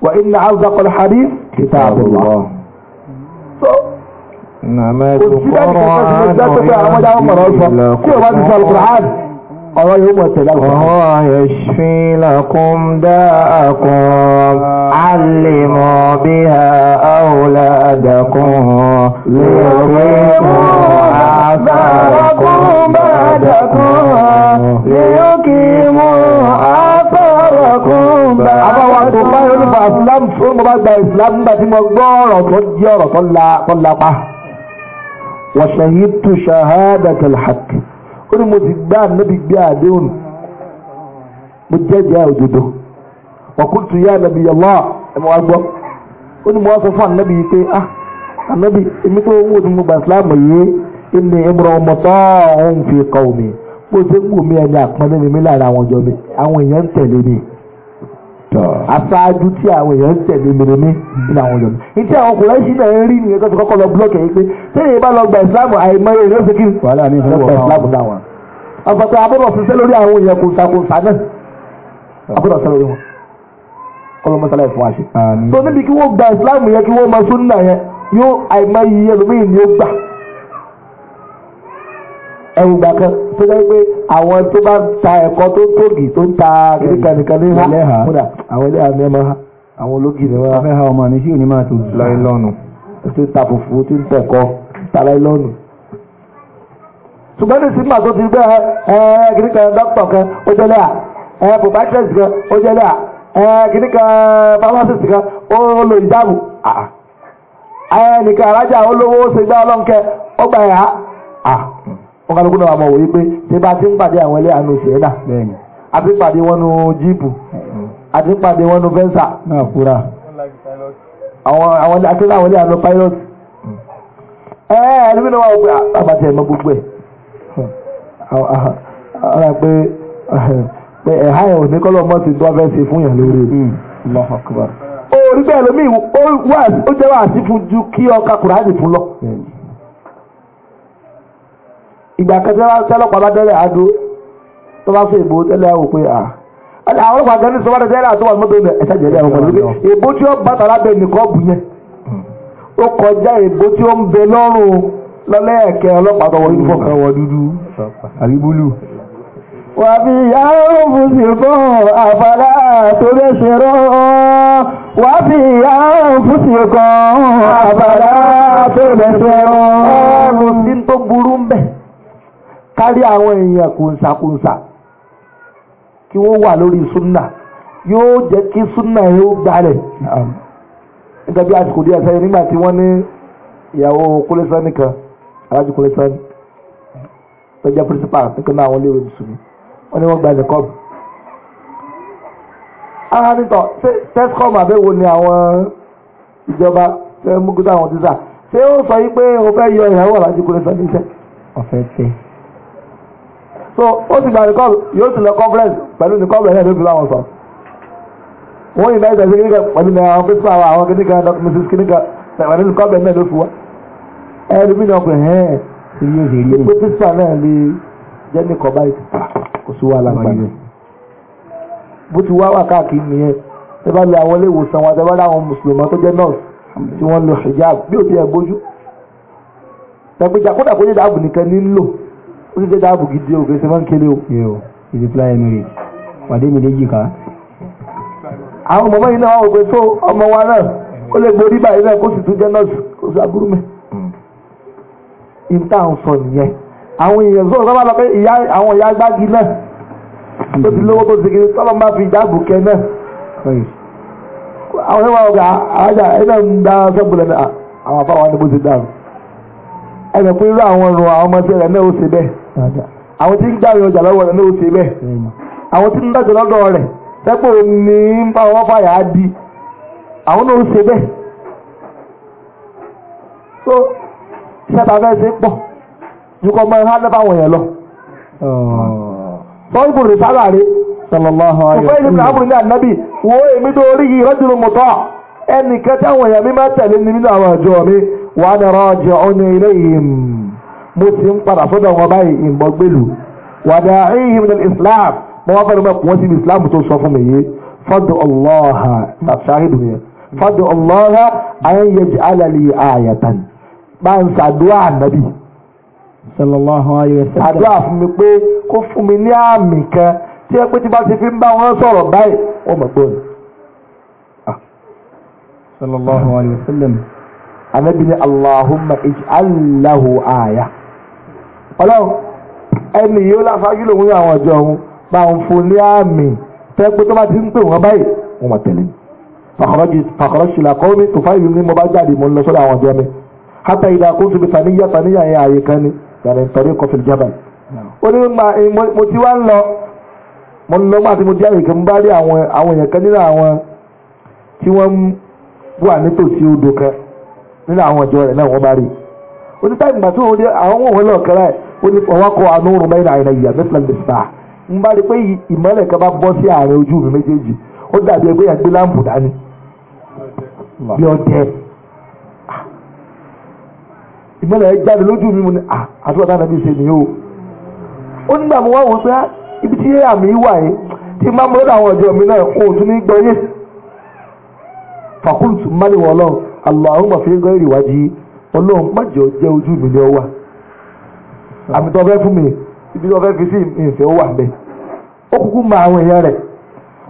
وإن أصدق الحديث كتاب الله إنما ọ̀rọ̀ yóò mọ̀ tẹ̀lé àgbà. wọ́n yẹ̀ṣfí lakum dáàkùn alìmọ̀ bí i àwòládàkùn lórí mọ̀ àfàràkùn bàdàkùn lórí mọ̀ àfàràkùn bàdàkùn. àbáwá tó bá yóò nípa islam fún mo bá gba islam nígbà tí mo gbọ́ ọ̀rọ̀ tó jẹ́ ọ̀rọ̀ tó lápá. wàṣẹ̀yí tu ṣahádàtàlhàt ó ní mo ti gbá ànábì gbé àdéhùn mo jẹ́jẹ́ òdodo ọ̀kútù yá ànábì yọ̀lá ẹ̀mọ́ wa gbọ́ ó ní mo wá sọ fún ànábì yìí pé ah ànábì èmi tó wò ní mo gbà síláàmù yìí ẹni ìmọ̀ràn ọmọ tó ń fi kọ́ omi bó ṣe ń wù mí ẹni àpọ́nlé mi mi lára àwọn ọjọ́ mi àwọn èèyàn ń tẹ̀lé mi aṣáájú tí àwọn èèyàn ń tẹ̀lé mi mi nínú àwọn ọjọ́ mi ìtí àwọn ọkùnrin ṣì náà ń rí nìyẹn tó ti kọ́kọ́ lọ búlọ́ọ̀kì yìí pé sẹ́yìn bá lọ gba ìsìláàmù àìmọye ìrẹsì kí wàhálà ní ìfẹ́ wọ̀ ọgbọ̀tọ̀ abúrò ṣiṣẹ́ lórí àwọn èèyàn kò ṣàkóso náà abúrò ṣiṣẹ́ lórí wọn ọlọ́mọ sálà ẹ̀fọ́ àṣẹ. tó níbi kí wọ́n gba ìsìláàmù yẹn kí wọ́n máa sún náà yẹn yóò àìmọ iye ẹlòmíì ni ó gbà. ẹ̀rù gbà kan tó jẹ́ pé àwọn tó bá ta ẹ̀kọ́ tó ń tògì tó ń ta kìnnìkan ní ha àwọn ilé àmì ẹ̀ àwọn ológì ni wọ́n. afẹ́ha ọmọ àníṣí ò ní máa tó. láìlọ́nù. ó ti ń ta ṣùgbọ́n ní sinimá tó ti gbẹ́ ẹ kìíní kan dókítà kan ó jẹ́ lẹ́yà ẹ pòpátrẹ́sì kan ó jẹ́ lẹ́yà ẹ kìíní kan pharmacist kan ó lo ìjáàbù ẹ nìkan arájà olówó ó gbà yà á wọn kàn ti ń pàdé àwọn ẹlẹ́yà ní oṣù ẹ̀dá pàdé wọn nu jíìpù pàdé wọn nu ara pe eh, pé ẹ̀há ẹ̀ òní kọ́lọ́ mọ́ ti dọ́ fẹ́ẹ́ fún yàn lórí hmm. orí bẹ́ẹ̀ lómi ó jẹ́ sí fún ju kí ọkà fún lọ ìgbà kẹsẹ́ wá sẹ́lọ́pàá bá dẹ́rẹ́ tó bá fún ìbò tẹ́lẹ̀ àwò pé à ah. àwọn ọlọ́pàá gẹ́ni sọ wọ́n tẹ́lẹ̀ àtọ́wọ́ mọ́tò ilẹ̀ ẹ̀ṣẹ́ àwọn ọmọdé ìbò tí ó bàtà lábẹ́ nìkan yẹn hmm. ó kọjá bẹ lọ́rùn lọ́lẹ́ ẹ̀kẹ́ ọlọ́pàá tọwọ́ yìí fọ́kàn wọ dúdú àbí búlù. wà á fi yàrá òfúsì fún àfàlà tó lè ṣe rọ́ wà á fi yàrá òfúsì kan àfàlà tó lè ṣe rọ́. ẹ̀rù sí tó burú ń bẹ̀ kárí àwọn èèyàn kùnsàkùnsà kí wọ́n wà lórí súnà yóò jẹ́ kí súnà yóò gbalẹ̀. nígbà bí àsìkò díẹ̀ sẹ́yìn nígbà tí wọ́n ní ìyàwó kólésánìkan alájùkúnlé fẹ́ tó jẹ́ principal nìkan náà àwọn iléèwé mùsùlùmí wọ́n ní wọ́n gba ẹ̀sìn kọ́ọ̀bù. ara nítọ̀ ṣé tescom àbẹ̀wò ni àwọn ìjọba ṣe mú kí táwọn ti sà ṣé ó sọ yí pé o fẹ́ yọ ìyàwó alájùkúnlé fẹ́ níṣẹ́ ọ̀fẹ́ tẹ̀. so ó ti gba ẹ̀sìn kọ́ọ̀bù yóò sì lọ conference pẹ̀lú ní kọ́ọ̀bù ẹ̀rẹ́ ló fi láwọn sọ wọ́n yìí náà ìtẹ̀sí kíníkà pẹ̀lú àwọn pírísípà àwọn kíníkà mrs kíníkà pẹ̀lú kọ́ọ̀bù ẹ̀rẹ́ ló ẹni mi náà pẹ̀ ẹ́ iye ìrírí pé pípa náà lè jẹ́ ní kọ́ báyìí kò sí wàhálà gbà mí. bó ti wá wà káàkiri nìyẹn tẹ bá lọ àwọn ilé ìwòsàn wa tẹ bá láwọn mùsùlùmí tó jẹ́ nọ́ọ̀sì tí wọ́n lo hijab bí ò ti ẹ̀ gbójú. tẹ̀gbẹ́jà kódà kó jẹ́ dáàbò nìkan nílò ó ti jẹ́ dáàbò gidi o kìí ṣe máa ń kéré o. yóò ìdí fly emirate pàdé mi léjì ká. àwọn ọmọ yìí náà wà wò tó ọmọ wa náà ó lè gborí báyìí náà kó sì tún jẹ́ nọ́ọ̀sì kó sì agbúrú ìta ń sọ nìyẹn àwọn èèyàn sọ̀rọ̀ sábà lọ pé ìyá àwọn ìyá gbági náà tó ti lówó tó ti kiri tọ́lọ́ máa fi jáàbù kẹ náà àwọn ẹ̀wọ̀n ọ̀gá alájà ẹ̀dá ń dá sẹ́gbọ̀lẹ̀ náà àwọn afáwọn ẹni bó ti dàrú ẹ̀dẹ̀ pé irú àwọn ọ̀rọ̀ àwọn ọmọdé rẹ̀ náà ó ṣe bẹ́ẹ̀ àwọn tí ń jáwé ọjà lọ́wọ́ rẹ̀ náà ó ṣe bẹ́ẹ̀ àwọn tí ń dájọ́ lọ́dọ̀ rẹ̀ sẹ́pọ̀ ní ń bá wọn fàyà á di àwọn náà ó ṣe bẹ́ẹ̀ sẹ́ta fẹ́ ṣe pọ̀ ju kọ́ mọ́ ẹ̀hán lẹ́fà wọ̀nyẹn lọ. sọ ibùdó sábà rè sallallahu alayhi wa sallam. ọ̀fẹ́ ìlú kàbùrù ní ànábì wo èmi tó rí yìí rọ́jùlù mọ̀tọ́ ẹnìkan táwọn èèyàn mi máa tẹ̀lé ní nínú àwọn àjọ mi wà á dára ọjà ọ̀nà ilé yìí mo ti ń padà sọ́dọ̀ wọn báyìí ìmọ̀gbẹ́lù wà dà ìhìn ní islam mo wá fẹ́ràn mọ́kùn wọ́n sí islam tó sọ máa ń ṣàdúrà ànábì. sallallahu alayhi wa sallam. àdúrà fún mi pé kó fún mi ní àmì kan tí ẹ pé tí bá ti fi ń bá wọn sọ̀rọ̀ báyìí wọ́n mọ̀ pé òní. Ah. sallallahu alayhi wa sallam. ànábì ni allahumma ij'al lahu aya. ọlọ́run ẹni yìí ó láfájú lòun ní àwọn ọjọ́ òun bá ń fún ní àmì tẹ́ pé tó bá ti ń pè wọ́n báyìí wọ́n mọ̀ tẹ̀lé. fàkọrọ́jì fàkọrọ́jì mi tó fáìlì ní mo bá jáde mo ń lọ sọ́dọ̀ àwọn ọjọ́ mi hata ìdá kóòtù bí sàníyà sàníyà yẹn ààyè kan ni yàrá ìtọ́rí kọfí jabal. ó ní eh, mo ti wá ń lọ mo ń lọ mọ́ àti mo di àyè kan bá rí àwọn èèyàn kan nínú àwọn tí wọ́n wà nítòsí odò kan nínú àwọn ìjọ rẹ̀ náà wọ́n bá rí i ó ti tá ìgbà tí òun dé àwọn òun lọ kẹrẹ ó ní ọwọ́ kọ anúrun bẹ́ẹ̀ náà ìyá ìmọ̀lẹ̀ ẹ jáde lójú mi mo ní àtúbọ̀tá náà bí ṣe nìyó ó nígbà mo wá wò ah, ibi tí àmì wà yìí tí máa ń bọ́ lọ́dọ̀ mi náà kó tún ní gbọ́ yé fàkúntù mánì wọ́n lọ́n fi gbọ́ ìrìwájú ọlọ́run pàjọ́ jẹ́ ojú mi ibi tó fẹ́ fi sí ìfẹ́ ó wà ma àwọn èèyàn rẹ̀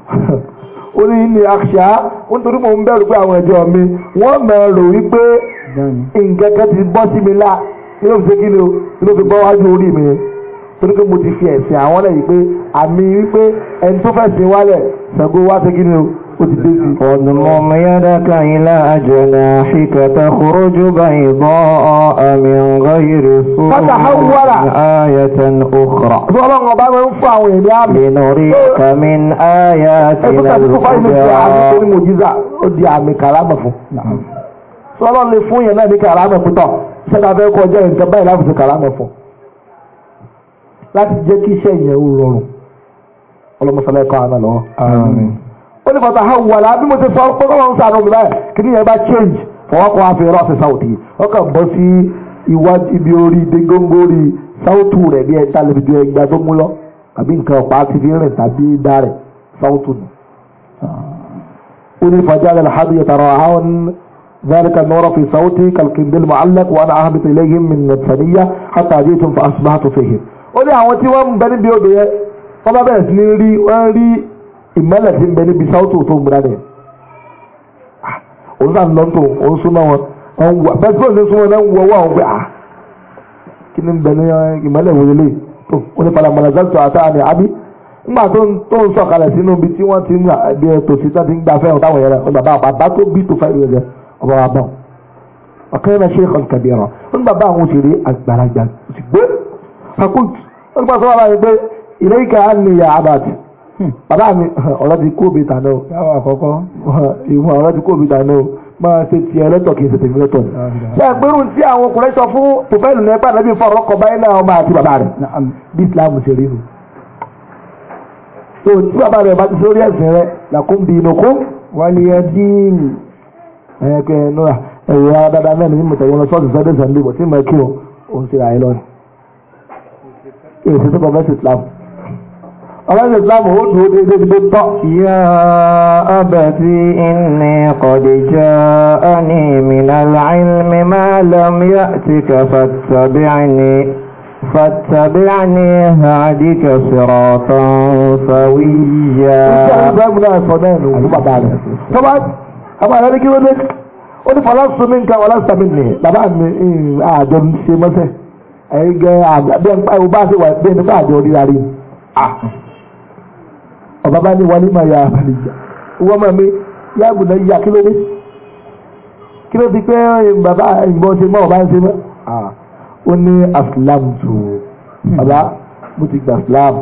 ó ní ní àṣà mò ń bẹ̀rù pé àwọn mi wọ́n mẹ́rin nǹkan kan ti bọ́ sí mi lá kí ló fi ṣe kí ni kí ló fi bọ́ wájú orí mi torí pé mo ti fi ẹ̀sìn àwọn lẹ́yìn pé àmì wípé ẹni tó fẹ́ sin wálẹ̀ Ṣàngó wá ṣe kí ni ó ti dé sí. ọ̀dùnmọ̀mù yára káyín láàjọ̀nà àṣìkàtà kúrójú báyìí bọ́ àmì ọ̀gọ́ yìí fún un. fata hawara. ayatan ukhra. sọlọ́n ọba máa ń fún àwọn èdè àmì. ìnùrí kàmí ayatina lùkọ́. ẹ tó kàtí fún fáìlì àmì tó ní mòjíza sọlọ lè fún yẹn náà ní kàrámẹ̀ fún tán sẹ́dá fẹ́ kọjá nǹkan báyìí láti fi kàrámẹ̀ fún láti jẹ́ kí iṣẹ́ yẹn ó rọrùn ọlọ́mọsálẹ̀ kọ́ àná lọ́wọ́. ó ní fata hàn wàlá bí mo ti sọ pé kọ́lọ́ ń sàánú mi báyìí kí ni yẹn bá change fọwọ́ kan àfi rọ́ọ̀sì sáwùtì ọkàn bọ́ sí iwájú ibi orí dégóńgó rí sáwùtù rẹ̀ bí ẹja lè fi ju ẹgbẹ́ tó mú lọ àbí nǹkan ọ̀pá ti fi rìn tàbí dá rẹ̀ sáwùtù nù. ó ní fàjálẹ̀ làhádùn yẹtàrọ̀ àwọn ذلك النور في صوتي كالكندل معلق وأنا أهبط إليهم من الثانية حتى جئتم فأصبحت فيهم ó ní àwọn tí wọ́n ń bẹ níbi odò yẹn wọ́n bá bẹ̀rẹ̀ sí ní rí wọ́n rí ìmọ́lẹ̀ tí ń bẹ níbi sáwọ́tò tó ń gbéra dẹ̀ òun sàn lọ́tò òun súnmọ́ wọn wọ́n wọ bẹ́ẹ̀ tí òun súnmọ́ náà ń wọ wọ́n àwọn pé ah kí ni ń bẹ ní ìmọ́lẹ̀ wọlé lè tó ó ní padà mọ̀lẹ́ sẹ́tọ̀ àtàwọn àbí nígbà tó ń tó ń sọ̀kalẹ̀ sínú ibi tí wọ́n ti ń gbà bí tòsí tó ti ń gbafẹ́ ọ̀táwọn yẹn rẹ̀ bàbá tó bí tó fẹ́ rẹ̀ ọba wa bọ̀ ọ̀kẹ́ bá ṣe é kọ̀ọ̀kẹ́bìrà ó ní bàbá àwọn òṣèré àgbàlagbà òṣìgbó fakult ó ní bàbá wa báyìí pé ilé ìka á ní ìyá abat hmm. bàbá mi ọ̀rọ̀ ti kú òbí tàná o yàrá àkọ́kọ́ ìwọ ọ̀rọ̀ ti kú òbí tàná o máa ṣe tiẹ̀ lẹ́tọ̀ kì í ṣe tèmi lẹ́tọ̀ ni. ṣé ẹgbẹ́rún tí àwọn ọkùnrin sọ fún tòfẹ́lù ní ẹgbẹ́ àdébí ẹ̀yẹ kẹ́ ẹ̀ nura ẹ̀yẹ ara dáadáa náà ní mọ̀tẹ́ wọn sọ́ọ̀tì sọ́ọ̀tì sànńdé bọ̀ tí mo kí o ò ń ṣe àyè lọ́nà. èsì tó kọ fẹ́ẹ́ ṣe Islam ọlọ́run Islam ó dúró déédé gbé tọ́. yá abati inni qad ja'ani minal ilmi ma lam ya'tika fattabi'ni. فاتبعني هادك صراطا سويا àbá rẹ̀ ní kí ló dé ó ní fọlá sọ mí nǹkan wọlá sọ mí nì bàbá mi àjọ ń ṣe mọ́sẹ̀ ẹ̀yin gẹ àbẹ̀ ẹ̀wọ̀n bá ṣe wà bẹ́ẹ̀ nípa àjọ rírà rí ọba bá ní wálé máa yà àbálẹ̀ ìjà wọ́n máa mi yàgò náà yà kí ló dé kí ló di pé bàbá ìbọn ṣe mọ́ ọba ń ṣe mọ́ ó ní asilamu tó hmm. bàbá mo ti gbà asilamu.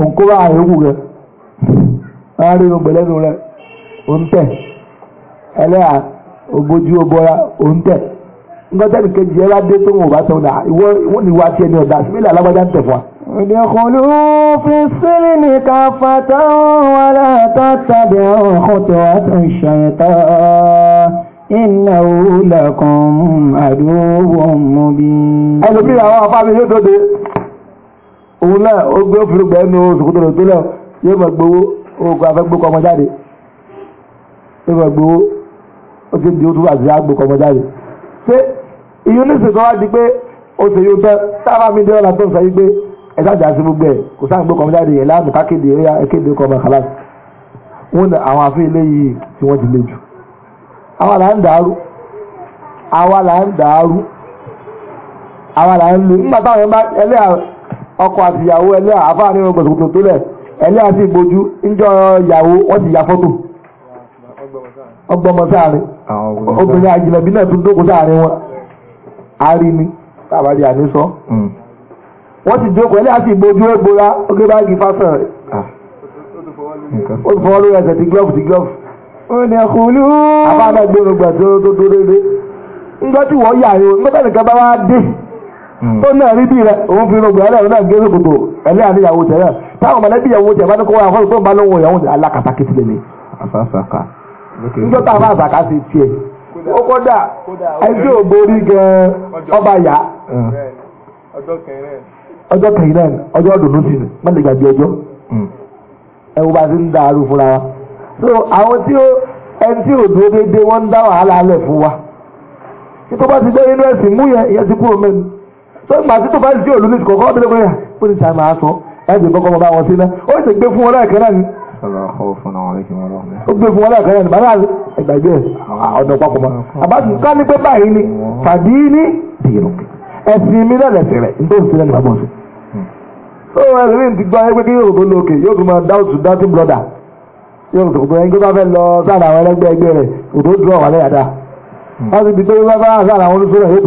òǹkóbá àyẹ̀wò rẹ̀ láàrin ògbẹ̀lẹ́nu rẹ̀ òǹtẹ̀ ẹlẹ́yà ogójì obora òǹtẹ̀ ngọ́tẹ́nì kejì ẹ bá dé tó wọn ò bá sọ̀rọ̀ náà ìwọ ni ìwà tiẹ̀ ní ọ̀dà síbílẹ̀ alágbájá ń tẹ̀ fún wa. ادخلوا في السلم كافة ولا تتبعوا خطوات الشيطان إنه لكم عدو مبين òun náà ó gbé òfurufú ẹnu sòkòtò rẹ̀ tó lẹ̀ yóò máa gbowó oògùn afẹ́gbókọ ọmọ jáde yóò máa gbowó ó ti di oṣù àti àgbókọ ọmọ jáde ṣé ìyún nísìnyí tó wá di pé ó ṣe yóò tán sábà mi dé ọ̀la tó ń sọ yí pé ẹ sáà jà sí gbogbo ẹ̀ kò sáà gbókọ ọmọ jáde yẹn láàmú kákéde ẹ̀yà ẹ̀kéde ọkọ̀ ọmọ kàlá wọn ni àwọn afẹ́ ilé yìí tí wọ́n ti le jù àwa là ń dàrú àwa là ń dàrú àwa là ń lu nígbà táwọn ẹ̀ ọkọ àti ìyàwó ẹlẹ́à àfáà nínú gbọ̀nsọ̀gbọ̀nsọ tó lẹ̀ àti ìgbójú gbojú ńjọ ìyàwó wọ́n sì ya ọgbọmọ sáàrin obìnrin àjìnàbí náà tún dókòó sáàrin wọn àárín ni tábàdì àní sọ hmm. wọ́n ti ẹgbóra rẹ̀ ah. ó ti fọwọ́ lórí ẹsẹ̀ ti ti ó ní ẹkùnlú. àbá náà gbé orun gbà tó tó tó ó náà rí bí rẹ òun fi irun gbòòrò ẹlẹ́rìí náà gé sòkòtò ẹlẹ́ àníyàwó tẹ̀ náà táwọn mọ̀lẹ́bí ìyàwó tẹ̀ bá ní kó wá àwọn ìgbóhùn bá lóhùn ìyàwó tẹ̀ alákatakí sílẹ̀ ni. níjọ́ tá a bá àṣàkà sí tiẹ̀ ó kọ́dà ẹjọ́ ògbórí gan-an ọba yá mm. ọjọ́ kẹyìn náà ọjọ́ dùnú sí ni má lè gbàgbé ọjọ́ mm. ẹ bá ti ń da arú fúnra wa so àwọn tí ó ẹni tí ò dúró déédéé wọ́n ń dá wàhálà alẹ̀ fún wa kí tó bá ti dé inú ẹ̀sìn mú yẹn ìyẹn ti kúrò mẹ́nu. so gbà sí tó bá sí òlùmí kọ̀ọ̀kọ́ bí lóko yà bó ti sàmà aṣọ ẹ̀jẹ̀ kọ́kọ́ ọba wọn sílẹ̀ ó sì gbé fún wọn lẹ́ẹ̀kan náà ni. ó gbé fún wọn ni bàbá ẹgbàgbé ọ̀dọ̀ papọ̀ mọ́ ká ní pé báyìí ni ní dìrò ẹ̀sìn mi rẹ̀ nítorí sílẹ̀ ní bàbá ó ti gbọ́ ẹgbẹ́ kí yóò tó lókè yóò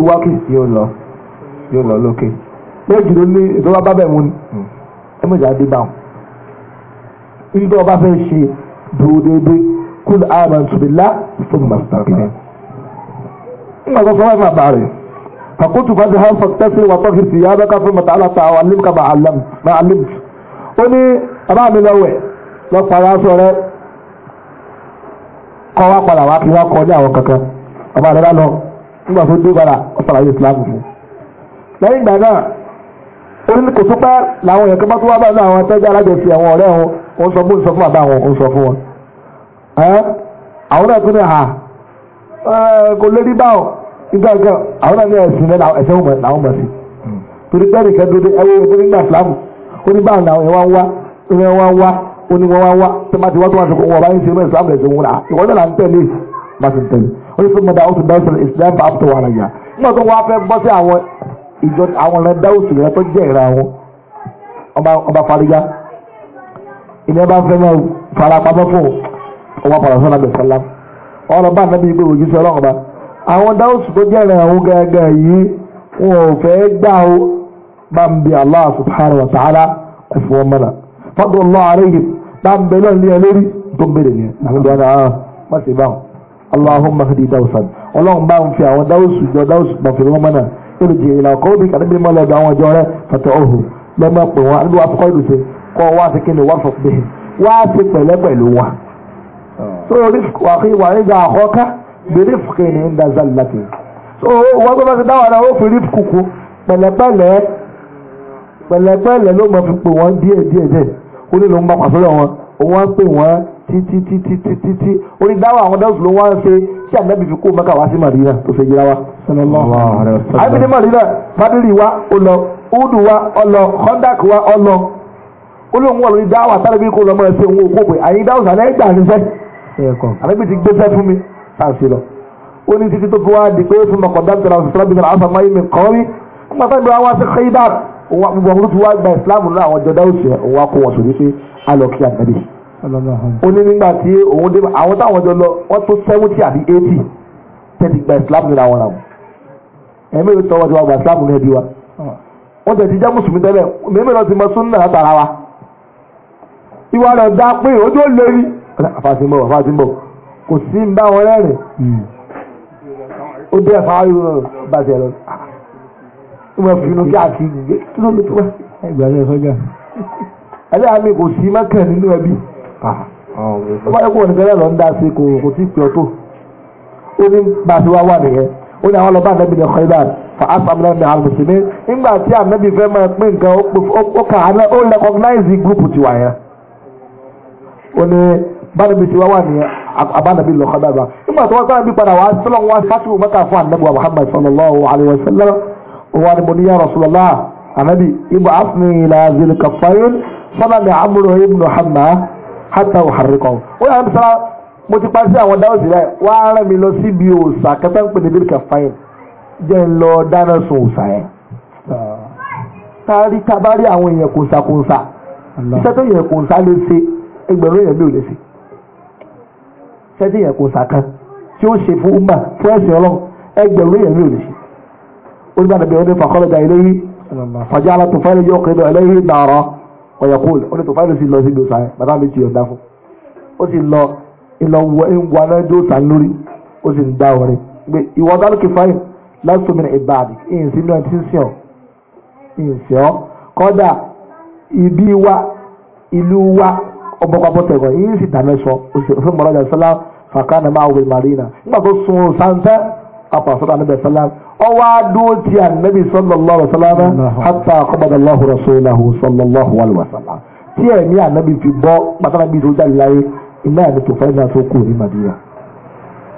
máa yóò lọ lókè yóò jùlọ ní ìjọba bábẹ̀ mu ni hmm. ẹ mọ̀ jáde bá wọn. ndé ọba fẹ́ ṣe dúró déédéé kúlù amantu billah fún màsítàkìlẹ̀. ńgbà tó sọ wáyé máa bá rẹ̀ kàkútù fàdí hàn fàtẹ́sì wà tọ́kì sí yàrá ká fún mọ̀tàlá ta àwọn alimka máa alimt. ó ní bàbá mi lọ wẹ̀ lọ fara sọ rẹ kọ́ wá padà wá kí wá kọ́ ní àwọn kankan bàbá rẹ bá lọ nígbà tó dé padà ó lẹ́yìn ìgbà náà ó ní kò súpẹ́ làwọn èèyàn kan bá tó wá báyìí àwọn atẹ́jọ́ alájọsí àwọn ọ̀rẹ́ wọn ó sọ fún ìsọfún àbá wọn ó sọ fún wọn. àwọn náà tún ní ha kò lérí báwò nígbà kan àwọn náà ní ẹ̀sìn rẹ ẹ̀sẹ̀ sí. torí kan ẹwọ́ nígbà fúlàmù ó ní làwọn èèyàn wá ìjọ àwọn ọ̀nà dáwùsù rẹ̀ tó jẹ́ ìra wọn ọba fariga ìyẹn bá fẹ́ máa fara pamọ́ fún ọwọ́ pàrọ̀sọ́nà gbèsàlá ọ̀rọ̀ bá nàbí ìgbé òjì sí ọlọ́run ọba àwọn dáwùsù tó jẹ́ ìra wọn gẹ́gẹ́ yìí wọn ò fẹ́ gbà ó bá ń bi Allah subhanahu wa ta'ala kò fún wọn mọ́nà fọ́dọ̀ lọ́ àárẹ̀yìn bá ń bẹ lọ́ọ̀ ní ẹ lórí tó ń bèrè nìyẹn àwọn ah, Allahumma hadi dáwùsàn ọlọ́run bá ń fi àwọn dáwùsù jọ dáwùsù pàfẹ́ wọn mọ́nà èròjì ìlà kọ́ bí kàdébí mọ́ lọ́dọ̀ àwọn ọjọ́ rẹ fẹ̀tọ̀ ọ̀hún lọ́mọ pè wọ́n alúwa kọ́ ìdùsẹ̀ kọ́ wá sí kí ni wọ́n sọ pé wá sí pẹ̀lẹ́ pẹ̀lú wa. so rifk wà kí wà nígbà àkọ́ká bí rifk ni ń da zalati so wọ́n gbọ́dọ̀ ti dáwọ́ náà ó fi rifk kú pẹ̀lẹ́pẹ̀lẹ́ pẹ̀lẹ́pẹ̀lẹ́ ló mọ̀ fi pè wọ́n díẹ̀ díẹ̀ díẹ̀ ó títí títí títí tí orí dáwọ àwọn dẹ́sù ló wá ń ṣe tí ànábì fi kó mẹ́ka wá sí màdínà tó ṣe jìra wa. àbídé màdínà fadiri wa ọlọ udu wa ọlọ kọndak wa ọlọ olóhùn wọn lórí dáwọ àtàlẹ́bí kó lọ́mọ ẹ̀ṣẹ̀ òun òkú òpè àyín dáwọ sàn ẹgbà níṣẹ́ ànábì ti gbéṣẹ́ fún mi tá a ṣe lọ. ó ní títí tó fi wá di pé fún mọ̀kàndá tẹ̀lé àwọn sọ̀rọ̀ bìnnà àfàmọ́ yìí mi kọ́ rí nígbà tó ń bẹ wá sí kéyìdá òun àpòpọ̀ òun ti wá gba ìsìlámù náà àwọn jọdá òṣìṣẹ́ òun wá kó wọn sòrí sí alọ́kí àgbẹ̀dẹ̀ ó ní nígbà tí òun dé àwọn táwọn jọ lọ wọ́n tó seventy àbí eighty tẹ̀sí gba islam nira wọn làwọn ẹ̀mí ìlú tọwọ́ ti wá gba islam ní ẹbí wa wọ́n tẹ̀sí jẹ́ mùsùlùmí tẹ́lẹ̀ mímí lọ ti mọ súnà látara wa ìwà rẹ̀ dá pé ojú ó lérí àfàsìmbọ̀ àfàsìmbọ̀ kò sí ń bá wọn rẹ́rìn ó dé ẹ̀fà ayò bàjẹ́ lọ ìwọ̀n fìnnú kí àti ìgbé kí ló ń bẹ tó wá. ẹgbẹ́ àmì kò sí mẹ́kàn nínú ẹbí. Ah, ah, ó bá yẹ kó wọn nìkan lọ ń dá sí kò kò tí ì pè ọ́ tó ó ní bá a ti wá wà nìyẹn ó ní àwọn ọlọ́ba ànábì ní ọkọ̀ ibà fà á sàmúlò ní àlùmùsùlùmí nígbà tí ànábì fẹ́ máa pín nǹkan ó kà á ó recognize group tiwa yẹn ó ní bánàbí tiwa wà nìyẹn abánàbí lọ́kọ̀ bàbá nígbà tí wọ́n sábà bí padà wá sọ́lọ́n wá fásitì mọ́ta fún ànábì wa Muhammad sallallahu alayhi wa sallam wa ni mo ní ya Rasulullah ànábì ibà áfìnì ìlà zilkafayin sọ́nà ní amúrò ibùdó hamma hátà òhàrìkọ̀ ó yà ń sara mo ti parí sí àwọn dáwọ́sì rẹ̀ wá rẹ̀ mi lọ síbi òòsà kẹfẹ́ ń pè ní bíríkà fáyìn jẹ́ ń lọ dáná sun òòsà yẹn kárí kábárí àwọn èèyàn kòsàkòsà iṣẹ́ tó yẹn kòsà lè ṣe ẹgbẹ̀rún èèyàn mi ò lè ṣe iṣẹ́ tó yẹn kòsà kan tí ó ṣe fún umma fún ẹ̀sìn ọlọ́run ẹgbẹ̀rún èèyàn mi ò lè ṣe onígbàdàbí ọdún fàkọ́lọ́gà eléyìí fàjà alátùfẹ́ lè yọ ọkùnrin náà eléyìí dàrọ́ ọ̀yàkóòlù ó ní tó fáìlì sí lọ sí ìdòsà yẹn bàbá mi ti yọ̀ǹda fún ó sì lọ ìlọ̀wọ̀ ìwà náà dòsà lórí ó sì ń dá ọ̀rẹ́ pé ìwọ dálùkì fáìlì láti omi ìbàdí ìyìn sí náà ti ń sìn ọ́ ìyìn sí ọ́ kọ́dà ìbí wa ìlú wa ọbọ̀pọ̀ tẹ̀gọ̀ ìyìn sì dáná sọ òfin mọ̀lọ́dà sọ́lá fàkánà máa wẹ̀ màrínà nígbà tó sun sáńtẹ́ apàṣọ́tà níbẹ̀ sọ́lá ọwọ́ adúró ti ànábì sallallahu alaihi wasallam hatta qabada Allahu rasulahu sallallahu alaihi wasallam tí ẹ̀mí ànábì fi bọ́ pátánábì tó jáde láyé iná ẹ̀mí tó fẹ́ẹ́ náà tó kù ní Madina.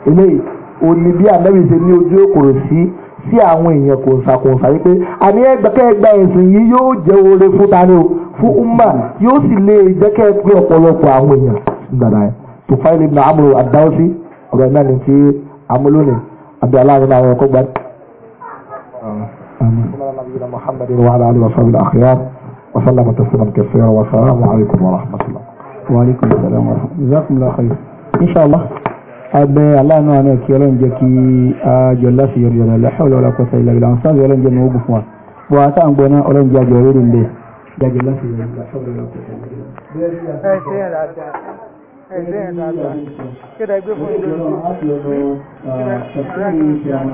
eléyìí òní bí ànábì ṣe ní ojú òkòrò sí sí àwọn èèyàn kò ṣàkóso wípé àní ẹgbẹ́kẹ́gbẹ́ ẹ̀sìn yìí yóò jẹ́ oore fún tani o fún umma yóò sì lè jẹ́kẹ́ pé ọ̀pọ̀lọpọ̀ àwọn èèyàn gbàdá ẹ̀ tó fáìlì náà amúlò àdáwọ́sí ọ̀rọ̀ náà ní ti amúlò ní abẹ́ aláàrin àwọn ẹ̀kọ́ gbàdá. نبينا محمد وعلى اله وصحبه الاخيار وسلم تسليما كثيرا والسلام عليكم ورحمه الله وعليكم السلام ورحمه الله جزاكم الله خير ان شاء الله abẹ́ aláàánú àná kí ọlọ́run jẹ́ kí àjọ láti yọrọ yọrọ lẹ́hàwọ́lọ́ ọlọ́kọ̀ọ́sẹ̀ ilẹ̀ ìlànà sáàbì ọlọ́run jẹ́ mọ́ ogun fún wa bọ́ àtàǹgbọ́n náà ọlọ́run jẹ́ àjọ orí ilẹ̀ jáde láti yọrọ lẹ́hàwọ́lọ́ ọlọ́kọ̀ọ́sẹ̀ ilẹ̀ ìlànà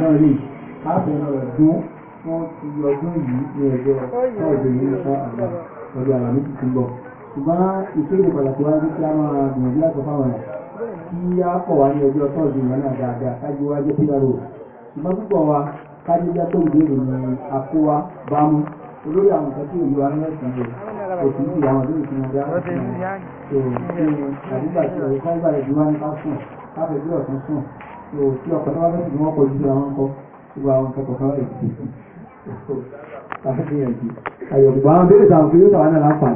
sáàbì ọlọ́kọ̀ọ́sẹ̀ wọ́n ti ọdún yìí ní ẹjọ́ ọdún yìí nípa àwọn ọdún àrà méjì ń bọ̀ ṣùgbọ́n ìṣèlú pàtàkì wá sí kí a máa gbìyànjú láti fáwọn ẹ̀ kí a kọ̀ wá ní ọjọ́ tọ́ọ̀dù ìwọ̀n náà dáadáa kájú wá jẹ́ pr ṣùgbọ́n púpọ̀ wa kájú jẹ́ tó ìbéèrè ní àkówá bámú olórí àwọn nǹkan tí òye wa òsì ní ìyàwó lórí ìsinmi tí ọ̀rẹ́ kan gbà ẹ̀dùn wá ní ká sùn káfẹ́ tí ọkọ̀ tó Àyọ̀gbọ̀n àwọn béèrè tàbí yóò tàwọn náà láǹfààní.